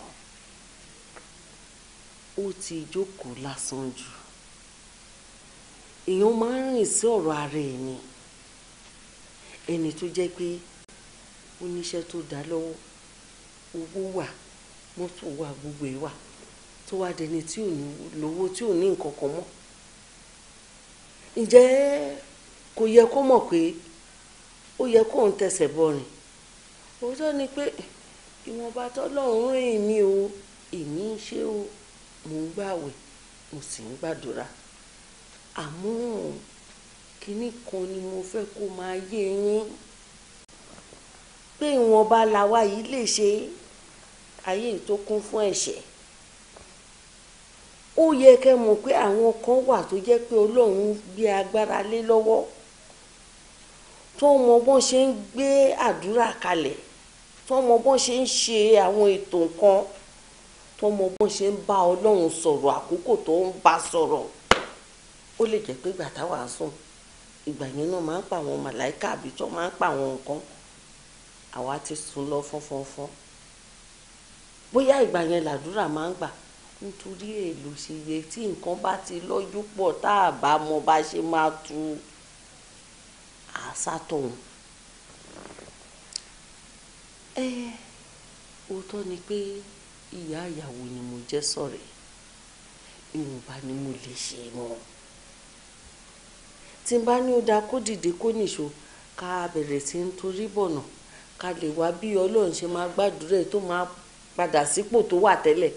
ó ti jókòó lásán jù èèyàn máa ń rìn sí ọ̀rọ̀ ara ẹ̀ ni ẹni tó jẹ́ pé ó níṣẹ́ tó dá lọ́wọ́ owó wà mọ́tò wà gbogbo ẹ̀ wà tó wá dẹni tí ò ní lówó tí ò ní nǹkan kan mọ́ ǹjẹ́ kò yẹ kó mọ̀ pé ó yẹ kóun tẹsẹ̀ bọ̀rìn òótọ́ ni pé ìwọ̀nba tọ́lọ́run rìn mí o èmi ń ṣe o mò ń gbàwẹ̀ mo sì ń gbàdúrà àmọ́ kínní kan ni mo fẹ́ kó máa yé yín pé ìwọ̀nba làwa yìí lè ṣe ayé tó kún fún ẹ̀ṣẹ̀ ó yẹ kẹ́ mọ̀ pé àwọn kan wà tó jẹ́ pé ọlọ́run gbé agbára lé lọ́wọ́ tó mọ bọ́n ṣe ń gbé àdúrà kalẹ̀ tó mọ bọ́n ṣe ń ṣe àwọn ètò nǹkan tó mọ bọ́n ṣe ń bá ọlọ́run sọ̀rọ̀ àkókò tó ń bá sọ̀rọ̀ ó lè jẹ́ pé gbàtà wàá sùn ìgbà yẹn náà máa ń pa àwọn màláìka àbí tó máa ń pa àwọn nǹkan àwa ti sùn lọ fọ́nfọ́nfọ́n bóyá ìgbà yẹn làdúrà máa ń gbà nítorí èlò ṣèyẹ tí nǹkan bá ti lọ́jú pọ̀ tá a bá mọ bá ṣe máa tu àṣà tọ̀hún. ẹ òótọ́ ni pé ìyá ìyàwó ni mo jẹ́ sọ̀rẹ́ ìwọ̀nba ni mo lè ṣe mọ́ tí n bá ní ó dáa kó dìde kó nìṣó ká bẹ̀rẹ̀ sí ń torí bọ̀nà ká lè wá bí ọlọ́run ṣe máa gbàdúrà tó máa padà sípò tó wà tẹ́lẹ̀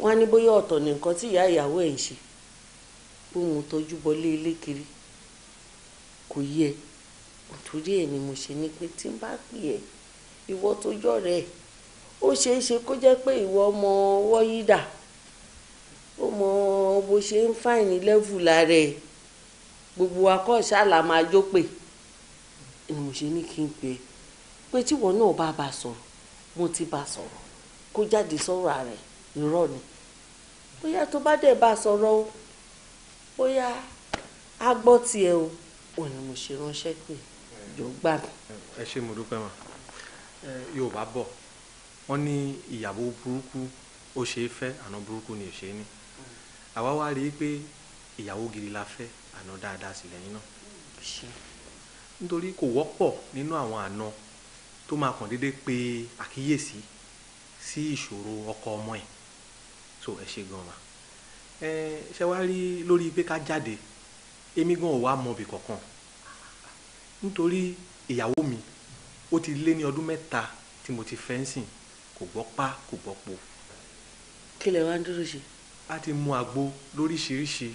wọ́n á ní bóyá ọ̀tọ̀ ní nǹkan tí ìyá ìyàwó ẹ̀ ń ṣe pé òun tọ́jú bọlé ilé kiri kò yẹ nítorí ẹ̀ ni mo ṣe ní pé tí n bá pè ẹ́ ìwọ tó jọ̀rẹ́ ẹ̀ ó ṣeé ṣe kó jẹ́ pé ìwọ ọmọ wọ́yídà ó mọ bó ṣe ń fàìní lẹ́vù lára ẹ̀ gbogbo akọ́ṣà là máa jó pè ni mo ṣe ní kí n pè é pé tíwọ náà bá bá sọ̀rọ̀ mo ti bá sọ̀rọ̀ kó jáde sọ̀rọ̀ rẹ̀ irọ́ ni bóyá tó bá dẹ̀ bá sọ̀rọ̀ o bóyá a gbọ́ tiẹ̀ o òun ni mo ṣe ránṣẹ́ pé yóò gbà mí. ẹ ṣe mo dúpẹ́ mà yorùbá bọ̀ wọ́n ní ìyàwó burúkú ó ṣeé fẹ́ àná burúkú ni ò ṣeé ní àwa wá rí i pé ìyàwó gidi la fẹ́ àná dáadáa sì lẹ́yìn náà ṣe nítorí kò wọ́pọ̀ nínú àwọn àna tó máa kàn déédéé pe àkíyèsí sí ìṣòro ọkọ ọmọ ẹ̀ so ẹ ṣe gan ma ẹ ṣe wá rí lórí pé ká jáde èmi gan ò wá mọbì kankan nítorí ìyàwó mi ó ti lé ní ọdún mẹ́ta tí mo ti fẹ́ǹsìn kò gbọ́ pa kò gbọ́ po. kí lè wá ń dúró ṣe. a ti mu àgbo lóríṣiríṣi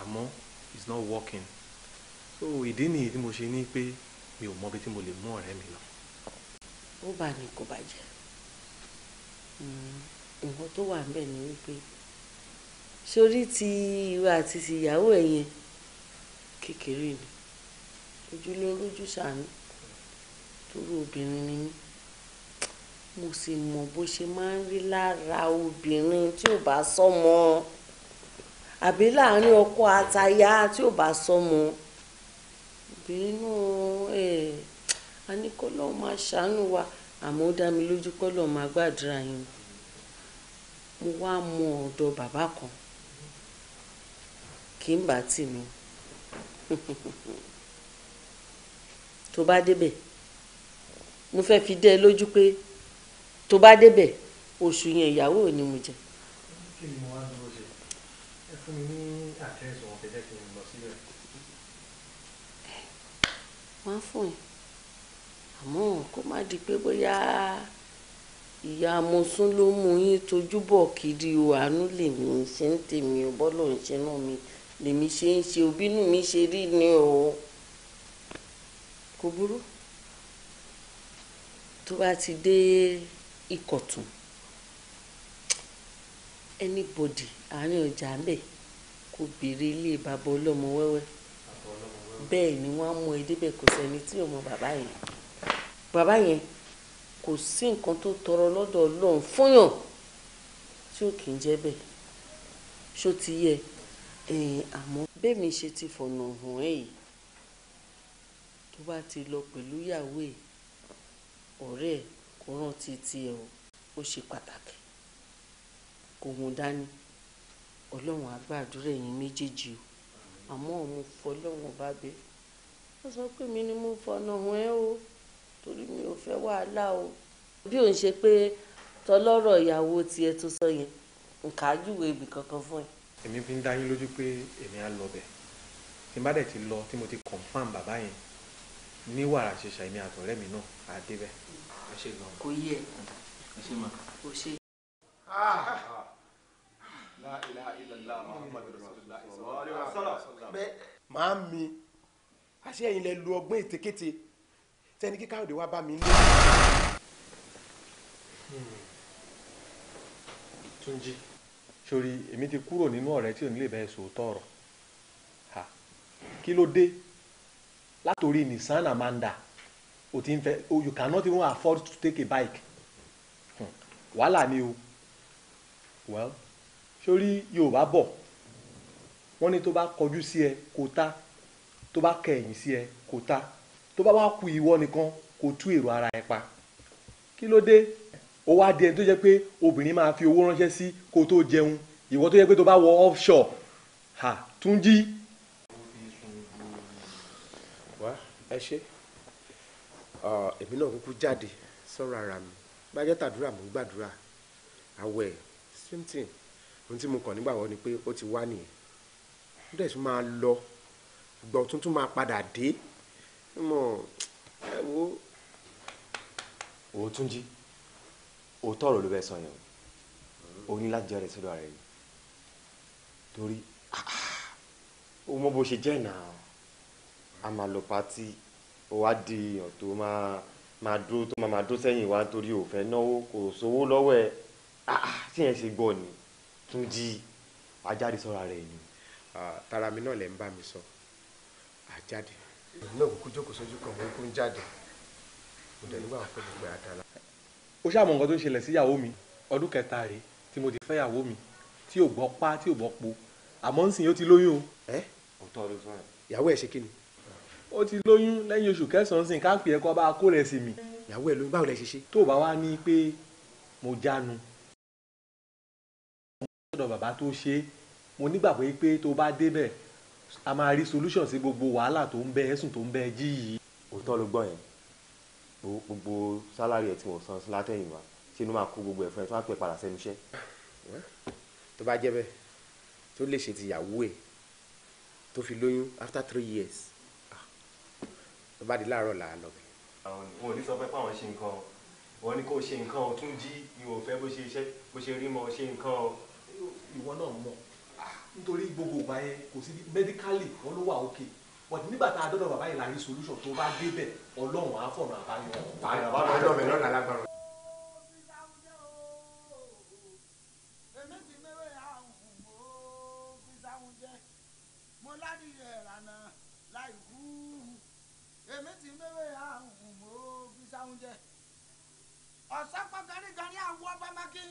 àmọ́ it's not working so ìdí nìyí tí mo ṣe ní pé mi ò mọbi tí mo lè mú ọ̀rẹ́ mi lọ. ó bá ní kó bàjẹ́ hmm, nǹkan tó wà níbẹ̀ ni wípé sórí ti ìwà àti tìyàwó ẹ̀ yẹn kékeré ni ojúlórójú ṣàánú torí obìnrin ni mí mo sì mọ bó ṣe máa ń rí lára obìnrin tí ò bá sọmọ. So àbí láàrin ọkọ àtaya tí ò bá sọmọ bínú ẹ anikọlọ máa ṣàánú wa àmọ́ ó dá mi lójú kọlọ máa gbàdúrà yín mo wá mọ ọ̀dọ̀ bàbá kan kì í bá tì tó bá débẹ̀ mo fẹ́ fi dẹ́ ẹ lójú pé tó bá débẹ̀ oṣù yẹn ìyàwó ò ní mo jẹ. kí ni wàá lọ fún mi ní àdírẹ́sì wọn kẹjẹ kí n lọ síbẹ̀. wọ́n fún ẹ àmọ́ kó má di pé bóyá ìyá amọ̀sún ló mú yín tójú kiri o àánú lèmi ṣe ń tèmi o bọ́lọ̀ ń ṣe náà mi lèmi ṣe ń ṣe òbínú mi ṣe rí ni o kò burú tó bá ti dé ìkọ̀tún anybody àárín ọjà ń bẹ̀ kò béèrè ilé bàbá ọlọ́mọ wẹ́wẹ́ bẹ́ẹ̀ ni wọ́n á mú ẹ débẹ̀ kò sẹ́ni tí ò mọ bàbá yẹn bàbá yẹn kò sí nǹkan tó tọrọ lọ́dọ̀ ọlọ́run fúnyàn tí ò kì í jẹ́ bẹ́ẹ̀ ṣó ti yẹ àmọ́ bẹ́ẹ̀mi ṣe ti fọ̀nà hàn ẹ́ yìí tó bá ti lọ pẹ̀lú ìyàwó ẹ̀ ọ̀rẹ́ ẹ̀ kò rántí tiẹ̀ ó ṣe pàtàkì kò hùn dání ọlọ́run á gbàdúrà ẹ̀yin méjèèjì o àmọ́ mo fọlọ́run bá bẹ́ wọ́n sọ pé mi ni mo fọ̀nà hàn ẹ́ o torí mi ò fẹ́ wàhálà o bí òun ṣe pé tọlọ́rọ̀ ìyàwó tiẹ̀ tó sọ yẹn nǹkan àjúwe ibì kankan fún ẹ. èmi fi ń dá yín lójú pé èmi á lọ bẹ̀ tí n bá dẹ̀ ti lọ tí mo ti confam bàbá yẹn ní wàrà ṣẹṣà èmi àtọ̀rẹ́ mi náà á débẹ̀. kò yẹ kò ṣe. Ah! màá mi àṣé ẹ̀yin lẹ lu ọgbọ́n ètekéte tẹ́ni kí káyọ̀dé wá bá mi ní. túnjí sori èmi ti kúrò nínú ọ̀rẹ́ tí ò lè bẹ́ẹ̀ sòótọ́ ọ̀rọ̀ kí ló dé látòrí nissan amanda o ti ń fẹ́ o you cannot even afford to take a bike hmm, wàhálà ni o well sórí yorùbá bọ̀ wọ́n ní tó bá kọjú sí ẹ kó tá tó bá kẹ̀yìn sí ẹ kó tá tó bá wá ku ìwọ nìkan kó tú èrò ara ẹ pa kí ló dé ó wá di ẹni tó jẹ́ pé obìnrin máa fi owó ránṣẹ́ sí kó tó jẹun ìwọ tó jẹ́ pé tó bá wọ offshore ha Túnjí. wá ẹ ṣe èmi náà kúkú jáde sọ́ra ara mi bá jẹ́ tàdúrà mò ń gbàdúrà àwẹ̀ same thing ohun tí mo kàn nígbàgbọ́ ni pé ó ti wá nìyẹn ó dẹ̀ tún máa lọ gbọ́ tuntun máa padà dé mọ̀ ẹ wo. òótún jí òótọ́ ọ̀rọ̀ ló fẹ́ sọ yẹn o ní láti jẹ́ rẹ̀ sọ́dọ̀ yìí torí ó mọ bó ṣe jẹ́ náà a máa lọ pátí ó wá di èèyàn tó máa máa dúró tó máa máa dúró sẹ́yìn wá nítorí ó fẹ́ náwó kò sówó lọ́wọ́ ẹ̀ tí yẹn ṣe gbọ́ ni. Túnjí ajáde sọ́ra rẹ̀ ni. tara mi náà lè ń bá mi sọ ajáde. èmi náà kúkú jókòó sójú kan mo kú ń jáde mo dẹ̀ nígbà pé mo gbé àdàlà. ó ṣàmọ̀ nǹkan tó ń ṣẹlẹ̀ síyàwó mi ọdún kẹta rèé tí mo ti fẹ́ yàwó mi tí ò gbọ́ pa tí ò gbọ́ po àmọ́ ń sìn yóò ti lóyún o. ẹ òótọ́ ló sọ yẹn. ìyàwó ẹ̀ ṣe kí ni. ó ti lóyún lẹ́yìn oṣù kẹsàn-án sìn ká pè é kó bá a kó rẹ̀ sí mi. ìyàwó ẹ̀ lóyún báwo lẹ ṣe ṣe. tó o bá wá ní pé mo jánu ọ̀dọ̀ bàbá tó ṣe é mo nígbàgbọ́ pé tó bá débẹ̀ a máa rí solution sí gbogbo wàhálà tó ń bẹ ẹ̀sùn tó ń bẹ jí yìí. òótọ́ ló gbọ́ yẹn gbogbo sálárì ẹ̀ tí wọ́n san látẹ̀yìn wa ṣé inú máa kó gbogbo ẹ̀ fún ẹ tó wá pẹ́ padà sẹ́nu iṣẹ́. tó bá jẹ́ bẹ́ẹ̀ tó lè ṣe ti ìyàwó ẹ̀ tó fi lóyún after three years tó bá di láàárọ̀ là á lọ bẹ̀. àwọn ò ní sọ fẹ́ pé àwọn ṣe nǹkan wọn ni kò ṣe nǹkan ọ̀tún jí ìwọ̀fẹ́ bó ṣe rí mọ́ ṣe nǹkan ọ̀ ìwọ náà mọ̀ ah, nítorí gbogbo ìgbà yẹn kò sí medically wọn ló wà òkè but nígbà tá a dọ́dọ̀ bàbá yìí la rí solution tó bá débẹ̀ ọlọ́run á fọ̀nà àbáyọ. bàbá mi lọ́mọ lọ́nà alágbára. ọ̀sán pọ̀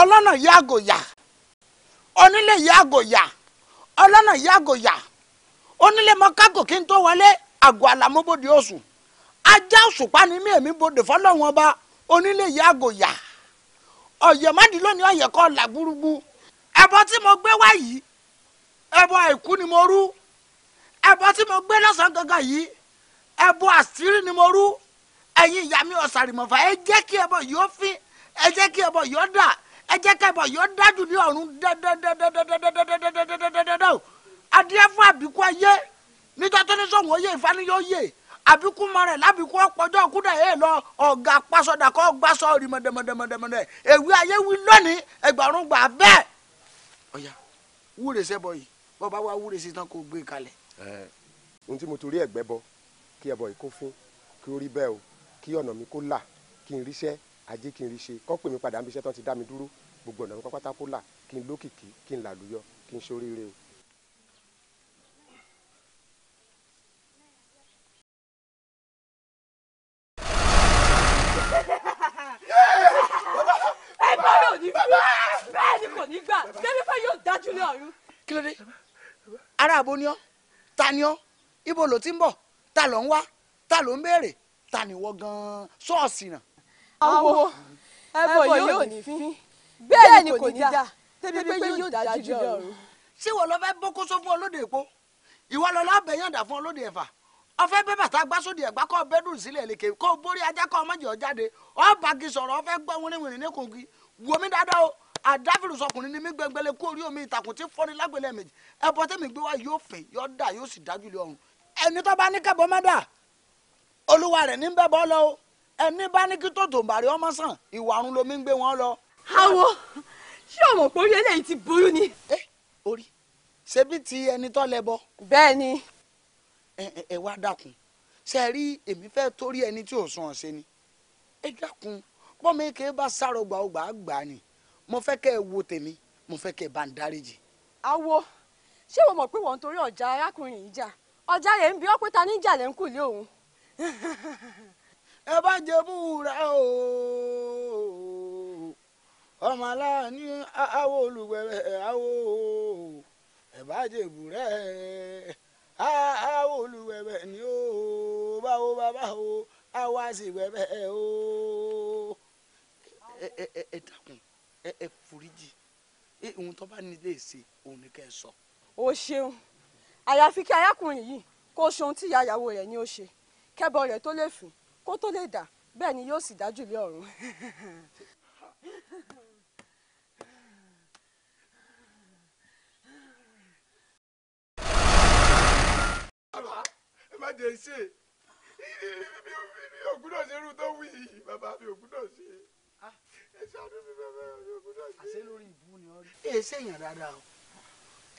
ọlọ́nà yàgò yà onílé yàgò yà ọlọ́nà yàgò yà onílé mọ kágò kí n tó wọlé àgọ́ àlàmúbòde oṣù ajá òṣùpá ni mí èmi bodè fọlọ́wọn ọba onílé yàgò yà ọ̀yẹ̀ mádìí lónìí ọ̀yẹ̀ kọ́ là gbúrúgbú tí mo gbé wá yìí ẹbọ àìkú ni mo rú ẹbọ tí mo gbé lọ́sàn-án gangan yìí ẹbọ àṣírí ni mo rú ẹ̀yin ìyá mi ọ̀sàrìmọ̀fà ẹ jẹ́ kí ẹbọ yìí ó fín ẹ jẹ́ kí ẹbọ yìí ó dà ẹ jẹ́ kẹ́bọ̀ yóò dájú ní ọ̀run dẹ́dẹ́dẹ́dẹ́dẹ́dẹ́dẹ́dẹ́dẹ́dẹ́ adìẹ fún àbíkú ayé níjọ́ tó ní sọ̀hún oyè ìfani yóò yè àbíkú mọ̀rẹ̀ lábíkú ọ̀pọ̀jọ́ kúdà yé lọ ọ̀gá pasọ̀dà kọ́ gbà sọ rí mọ̀dẹ̀mọ̀dẹ̀mọ̀dẹ̀ èwì ayé wí lónìí ẹgbàrún gbà bẹ́ẹ̀. ọ̀ya wúre sẹ́bọ yìí bọ́ba wa wúre sí tán kó gbé kalẹ̀. ẹ ohun tí mo torí ẹ̀gbẹ́ bọ kí ẹbọ yìí kó fún kí ó rí bẹ́ẹ̀ o kí ọ̀nà mi kó là kí n ríṣẹ́ ajé kí n ríṣe kọ́ pè padà ń bíṣẹ́ tán ti dá mi dúró gbogbo ọ̀nà pápátá kó là kí n lókìkí kí n làlùyọ kí n ṣoríire o. ẹgbẹ́ mi ò ní gbà bẹ́ẹ̀ ni kò ní gbà débi pé yóò dájú ní ọ̀run. kí ló dé ará abo ni ọ́ ta ni ọ́ ibo ló ti ń bọ̀ ta ló ń wá ta ló ń béèrè ta ni wọ́n gan-an ṣọ́ọ̀ṣì náà. àwọ̀ ẹ̀bọ̀ yóò ní fín bẹ́ẹ̀ ni kò ní dá tẹ́bí pé yóò dájú jù lọ́rùn. ṣé wọ́n lọ fẹ́ bókóso fún olóde èpo ìwọ lọ lábẹ́ yàǹdà fún olóde ẹ̀fà ọfẹ bẹ bàtà gbàsódì ẹgbà kọ bẹdùn sílẹ̀ lèkè kọ borí ajá kọ ọmọdé ọjáde ọbàgì sọ̀rọ̀ ọfẹ gbọ wínìwínì ní kògi wọmi dáadáa o àdáfìlù sọkùnrin ni mí gbẹngbẹlẹ kú orí omi ìtàkùn tí fọni lágbèlè méjì ẹbọ tẹmí gbé wá yóò fẹ́ yóò dà yóò sì dájú lé ọrùn ẹni tó bá ní kẹbọ má dà olúwa rẹ̀ ní bẹbọ lọ ẹni bá ní kí tó tòǹbàrí ọmọ sàn ìwà àrùn lomi ń gbé wọn lọ àwọ̀ ṣé ọmọ pé orí eléyìí ti burú ni. ẹ orí ṣebí ti ẹni tó lẹbọ. bẹ́ẹ̀ ni. ẹ ẹ wá dákun ṣe é rí èmi fẹ́ torí ẹni tí ò sùn ọ̀sẹ̀ ni ẹ dákun bọ́mọ èké bá sárọgbà ọgbà àgbà ni mo fẹ́ kẹ́ ẹ wo tèmi mo fẹ́ kẹ́ ẹ bá ń dáríjì. àwọ̀ ṣé o mọ̀ pé wọ́n ń torí ọ̀já arákùnrin yìí jà ọ̀já rẹ̀ ń bi ọ́ ta ní ìjà lẹ́ ń kùlé òun. ẹ bá jẹ búra ooo ọmọ aláàánú àwọ olùwẹ̀rẹ̀ àwọ ẹ̀bájẹ̀bù rẹ̀ àwọ olùwẹ̀rẹ̀ ni ó báwo bàbá o àwọ àṣìwẹ̀rẹ̀ o. ẹ ẹ ẹ ẹ foríjì ẹ ohun tó bá ní ṣe òun ni kẹ́ ẹ sọ. o ṣeun àyàfi kí arákùnrin yìí kó ṣohun tí ìyàwó rẹ̀ ni ó ṣe kẹ́bọ rẹ̀ tó lè fún kó tó lè dà bẹ́ẹ̀ ni yóò sì dájú lé ọ̀run. bàbá ẹ má jẹ́ ṣe mi ò gbúdọ̀ ṣe irú tó wí yìí bàbá mi ò gbúdọ̀ ṣe ah. ẹ ṣàánú mi bàbá mi ò gbúdọ̀ ṣe. àṣẹ lórí ìbú ni ọ rí. ẹ ṣèyàn dáadáa o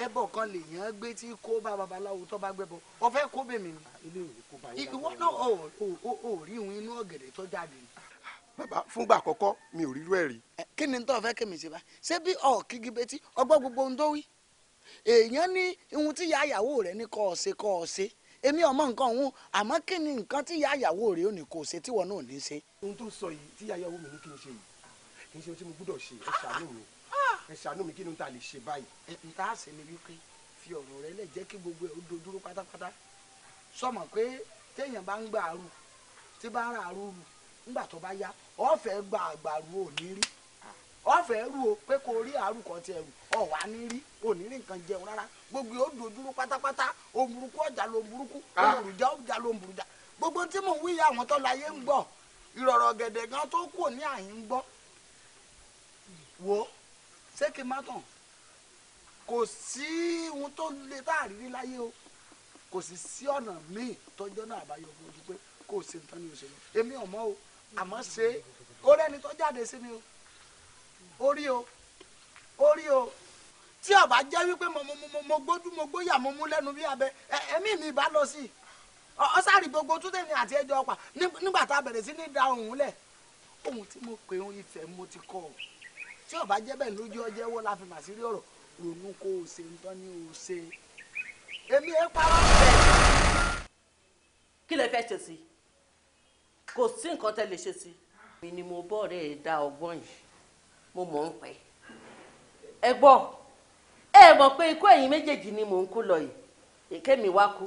ẹbọ kan lèèyàn gbé tí kó bá babaláwo tó bá gbẹbọ ọfẹ kó bèmí ni ah, ìwọ náà ò rí ìwọ inú ọ̀gẹ̀dẹ̀ tó jáde ni bàbá fúngbà àkọ́kọ́ mi ò rírú ẹ̀ rí. kí ni tó fẹ́ kí mi ṣe bá ṣé bí ọ̀ọ́kí gibetí ọgbọ́n gbogbo ohun tó wí èèyàn ní ohun tí ìyá ìyàwó ní kọ́ ọ kọ́ ọ èmi ọmọ nǹkan ọ̀hún àmọ́ kí ni nǹkan tí ìyá ìyàwó rẹ̀ ò ní kò ṣe tíwọ náà ní ṣe. ohun tó sọ yìí tí ìyá ìyàwó mi ní kí n ṣe yìí kì í ṣe ohun tí mo gbọ́dọ̀ ṣe ẹ ṣàánú mi ẹ ṣàánú mi kí ni ta lè ṣe báyìí. nta ṣe ni wípé fi ọ̀rọ̀ rẹ lẹ̀ jẹ́ kí gbogbo ẹ̀ ó dojúrú pátápátá sọmọ pé téèyàn bá ń gbà àrù tí bá ń ra àrù rù nígbà tó bá yá ọ̀wá ní rí òní rí nǹkan jẹun rárá gbogbo yóò dojúrú pátápátá òmùrúkú ọjà ló burúkú ah. òmùrújà ọjà ló burújà gbogbo tí mò ń wí yà àwọn tó láyé ń gbọ́ ìrọ̀rọ̀ gẹ̀dẹ̀ gan tó kù ní àyín ń gbọ́ wò ó ṣé kí n má tàn kò sí ohun tó le tá a rí rí láyé o kò sì sí ọ̀nà míì tọ́jọ́ náà àbáyọ ojú pé kò sí nǹkan ní òṣèlú èmi ò o àmọ́ ṣe é ó rẹ́ni tó jáde sí mi o ó rí o ó rí o tí ọba jẹ́ wípé mo mo mo mo gbójú mo gbóyà mo mú lẹ́nu bí abẹ ẹ̀mí mi bá lọ sí i ọ̀sàrì gbogbo tún tèmi àti ẹjọ́ ọ̀pá nígbà tá a bẹ̀rẹ̀ sí ní da òun lẹ̀ ohun tí mo pè ń ìfẹ́ mo ti kọ́ ọ tí ọba jẹ́ bẹ́ẹ̀ lójú ọjẹ́ wọ́n la fi mà sí rí ọ̀rọ̀ ronú kó o ṣe ń tán ní o ṣe èmi ẹ parọ́ bẹ́ẹ̀. kí lè fẹ́ ṣe sí kò sí nǹkan tẹ́ lè ṣe sí. mi ni mo bọ́ ọ̀rẹ́ ẹ̀ dá ọgbọ́n yìí mo mọ̀ ń pẹ́ ẹ gbọ́ ẹ mọ̀ pé ikú ẹ̀yin méjèèjì ni mò ń kú lọ yìí èkémi wá kú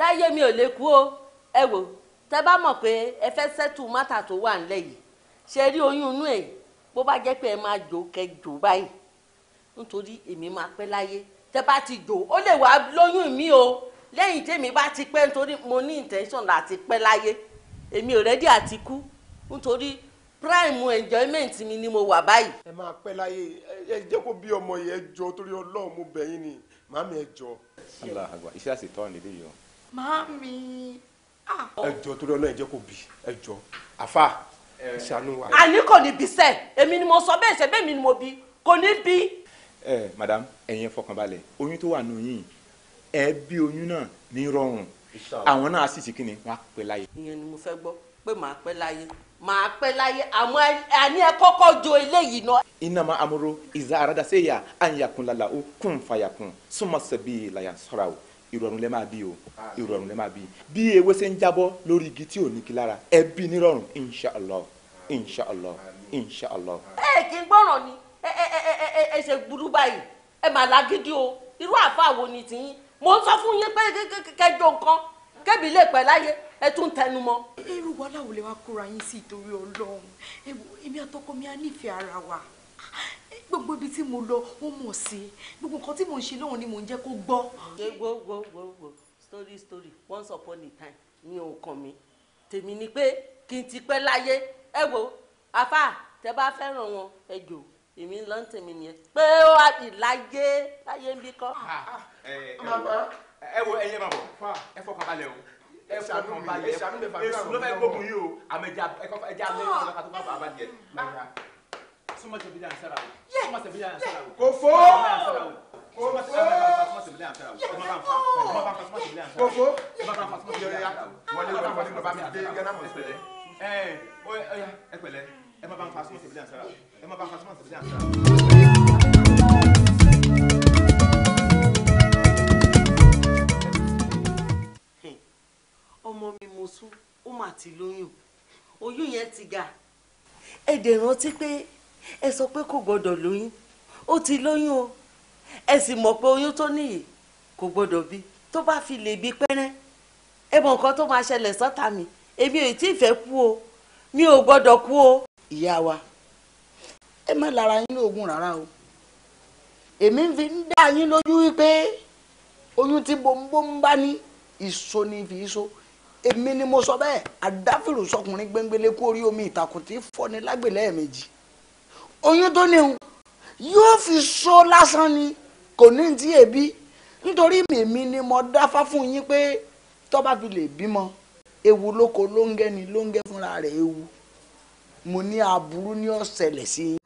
láyé mi ò lè kú o ẹ wò tẹ bá mọ̀ pé ẹ fẹ́ sẹ́tù mátà tó wà ńlẹ̀ yìí ṣe rí oyún inú ẹ̀ bó bá jẹ́ pé ẹ máa jò kẹjọ báyìí nítorí èmi máa pẹ́ láyé tẹ bá ti jò ó lè wá lóyún mi o lẹ́yìn tèmi bá ti pẹ́ nítorí mo ní intention láti pẹ́ láyé èmi ò rẹ́dí àti kú nítorí prime enjoyment mi ni mo wà báyìí. ẹ máa pẹ́ láyé ẹ jẹ́ kó bí ọmọ yẹn jọ torí ọlọ́run mo bẹ̀ yín ni màámi ẹ jọ. Allah àgbà iṣẹ́ àṣetọ́ ni lè yọ. màámi. ẹ jọ torí ọlọ́run ẹ jẹ́ kó bí ẹ jọ àfa ìṣàánú wa. àní kò ní bí sẹ́ èmi ni mo sọ bẹ́ẹ̀ sẹ́ bẹ́ẹ̀ mi ni mo bí kò ní bí. ẹ madam ẹ̀yin ẹ fọkànbalẹ̀ oyún tó wà nù yín ẹ bí oyún náà ní rọrùn àwọn náà sì ti kí ni wọn á pẹ́ láyé. ìyẹn ni mo fẹ́ gbọ́ pé màá pẹ́ láyé màá pẹ́ láyé àmọ́ àní ẹ kọ́kọ́ jo eléyìí náà. innama amuru iza arada seya an yakun lala o kun fayakun suma sabi laya sọra o ìrọ̀rùn lẹ máa bí o ìrọ̀rùn lẹ máa bí bí ewé ṣe ń jábọ́ lórí igi tí ò ní kí lára ẹ bí nírọ̀rùn inshallah inshallah inshallah. ẹ kì í gbọ́ràn ni ẹ ẹ ẹ ẹ ṣe burú báyìí ẹ mà lágídí o irú àfa wo ni tìyín mo ń sọ fún yín pé kẹjọ nǹkan kébì lè láyé ẹ tún tẹnu mọ́. irú wa láwo lè wá kóra yín sí ìtorí ọlọ́run èmi àtọkọ mi á nífẹ̀ẹ́ ara wa gbogbo ibi tí mo lọ ó mọ̀ sí gbogbo nǹkan tí mò ń ṣe lóhun ni mò ń jẹ́ kó gbọ́. ṣé story story once upon a time ní ọkàn mi tèmi ni pé kí n ti pẹ́ láyé ẹ wo afá tẹ bá fẹ́ràn wọn ẹ jò èmi ń lọ ń tèmi nìyẹn pé ó wà ní láyé láyé ń bí kọ́. ẹ wo ẹ yé màbọ̀ ẹ fọkàn balẹ̀ o ẹ fọkàn balẹ̀ èṣù ló fẹ́ gbógun yìí o àmẹjà ẹja lẹ́yìn ah. ọlọ́kà tó bá bàbá jẹ. súnmọ́ ṣe bílẹ̀ àǹsára o súnmọ́ ṣe bílẹ̀ àǹsára o kò fó kò fó kò fó wọlé wọlé wọlé bàbá mi dé gánà mọ̀ sílẹ̀ ẹ ẹ pẹ̀lẹ́ ẹ má bá ń fa súnmọ́ ṣe bílẹ̀ àǹsára ẹ má bá ń fa súnmọ́ ṣe bílẹ̀ àǹsára. ọmọ mi mo sún ó mà ti lóyún oyún yẹn ti ga ẹ dẹ̀ rántí pé ẹ sọ pé kò gbọ́dọ̀ lóyún ó ti lóyún o ẹ sì mọ̀ pé oyún tó níyì kò gbọ́dọ̀ bí tó bá fi lè bí pẹ́rẹ́ ẹ mọ̀ nǹkan tó máa ṣẹlẹ̀ sọ́tà mi èmi ò tí ì fẹ́ kú o mi ò gbọ́dọ̀ kú o. ìyá wa ẹ má lára yín lóògùn rárá o èmi fi ń dá yín lójú wípé oyún tí bòńbòń bá ní ìsọ ni fi í so èmi ni mo sọ bẹ́ẹ̀ àdáfìrù sọkùnrin gbẹ́ngbẹ́lé kú orí omi ìtàkùn tí fọ́ni lágbèlẹ́ ẹ̀mejì oyún tó níhun yóò fi so lásán ni kò ní ti èbí nítorí mèmí ni mo dáfá fún yín pé tọ́ba fi lè bímọ ewu lóko lóńgẹ́ ni lóńgẹ́ fúnra rẹ̀ ewu mo ní aburú ní ọ̀sẹ̀lẹ̀ sí yín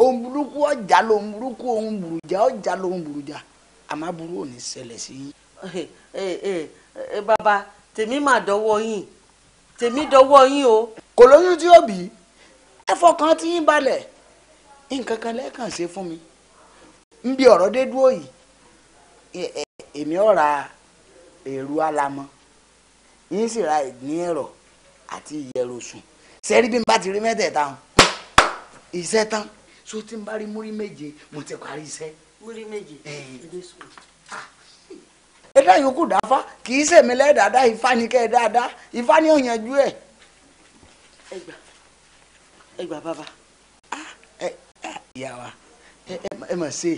ohun burúkú ọjà lohun burúkú ohun burújà ọjà lohun burújà àmọ́ aburú ò ní ṣẹlẹ̀ sí yín. Eh, eh, eh, bàbá tèmi mà dọ́wọ́ yín tèmi dọ́wọ́ yín o. kò lóyún tí ó bí ẹ fọkàn tí yín balẹ̀ nǹkan kan lẹ́ẹ̀kan ṣe fún mi ń bí ọ̀rọ̀ dé dúró yìí èmi ò ra èrú alamọ yín sì ra ìdín ẹ̀rọ àti ìyẹ̀rọ̀sùn sẹ́rí bí n bá ti rí mẹ́tẹ̀ẹ̀ta hàn iṣẹ́ tán so tí n bá rí múrí méje mo ti parí iṣẹ́. múrí méje ẹ̀ ẹ́ ẹ̀dá yòókù dáfá kì í sèmi lẹ́ẹ̀dáadáa ifá ni kẹ́ ẹ dáadáa ifá ẹ gbà ẹ gbà bàbá. Ah, ah, ìyá wa ẹ mọ̀ sí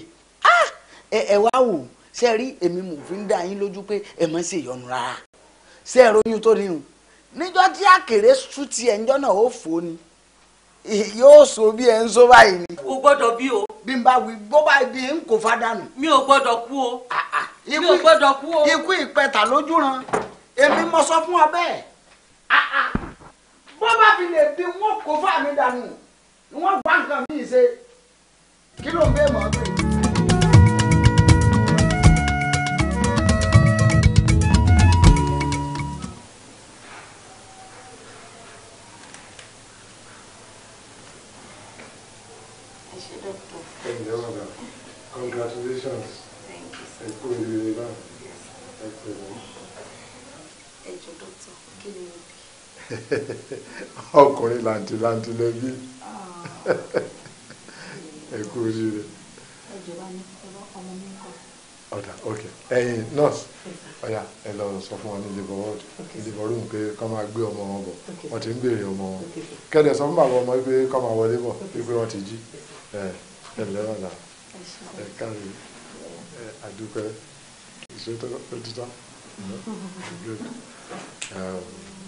ah, ẹ wá wò ṣe rí èmi mò fi ń dá yín lójú pé ẹ mọ̀ sí ìyọnu rárá ṣe ẹ ròyìn tó ní hùn níjọ́ tí àkèré sùn ti náà ó fò ni yóò sọ bí ẹ ń sọ báyìí ni. o bí o bí n bá wí bó bá di n kò fa dànù. mi ò gbọ́dọ̀ kú o. Ah, ah. mi ò gbọ́dọ̀ kú o. ikú ìpẹta lójú ran èmi mo sọ fún ọ bẹ́ẹ̀ ah, bó bá fi lè di wọn kò fà mí dànù wọn gbá nǹkan mi ṣe kí ló ń bẹ mọ ọdún yìí. làǹtìlàǹtì lẹ́bí ah. ẹ kú oríire. ọ̀dà ok ẹ̀yin nurse ọ̀yà ẹ lọ sọ fún wọn ní ìdìbò ward ìdìbò room pé kọ́ máa gbé ọmọ wọn bọ̀ wọ́n ti ń béèrè ọmọ wọn kẹ́dẹ̀ sọ fún bàbá ọmọ pé kọ́ máa wọlé bọ̀ pé wọ́n ti jí ẹ ẹ lẹ́wọ̀n náà ẹ káre ẹ àdúpẹ́ ìṣètò òtítọ́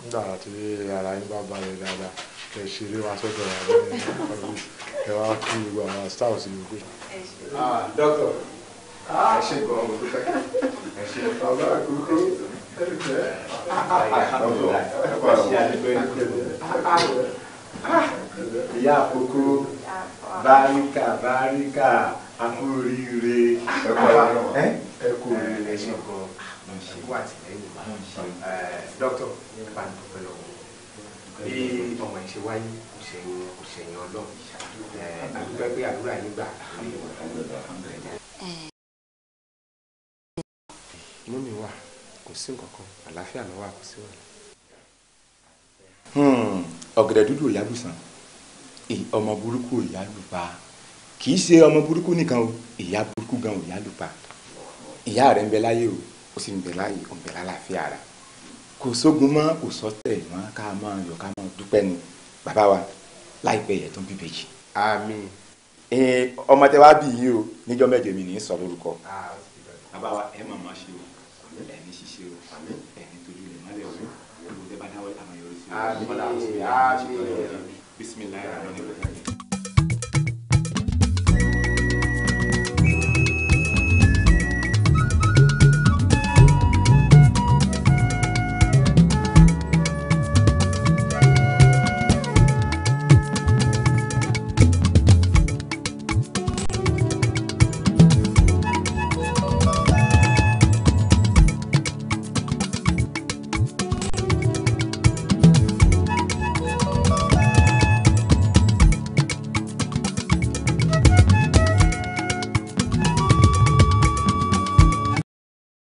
nígbà tí ara yín bá balẹ̀ dáadáa ẹ ṣeré wa sọ́dọ̀ àwọn ọ̀rọ̀ ẹ wá kí gbogbo àwọn staff sí gbogbo. dọ́kítọ̀ ẹ ṣe gan ọmọ tó fẹ́ ẹ ah ọlọ́ ah, ah. àkókò ah, ìyá àkókò báríkà báríkà akóríire ẹ kò rí ẹ kò rí ẹ ṣe gan mo ń ṣe wà tìlẹ́yìn eh, dọ́kítọ̀ nípa ìpínlẹ̀ ọ̀hún bí ọmọ ìṣe wáyé kò sẹ́yìn ọlọ́run àdúgbò pé àdúrà yín gbà. inú mi wà kò sí nǹkan àlàáfíà ló wà kò sí wàhálà. Hmm, ọ̀gẹ̀dẹ̀ dúdú ìyá ọmọ burúkú ìyá kì í ṣe ọmọ burúkú nìkan o ìyá burúkú gan ìyá ìyá rẹ̀ ń bẹ láyé o ó sì ń bẹ láyé ó ń bẹ lálàáfíà rẹ̀ kò sógun mọ́ kò sọ́tẹ̀ mọ́ ká máa yọ̀ ká máa dúpẹ́ ni bàbá wa láìpẹ́ yẹ̀ tó ń bíbèjì. àmín ọmọ tẹ wá bí yìí o níjọ́ mẹ́jọ mi ní í sọ lórúkọ. bàbá wa ẹ màmá ṣe o ẹni ṣíṣe o ẹni tójú lè mọ́lẹ̀ o gbogbo tẹ bá dáwọ́ àmọ́ yọrí sí o. àmín àmín bisimilayi rahman rahim.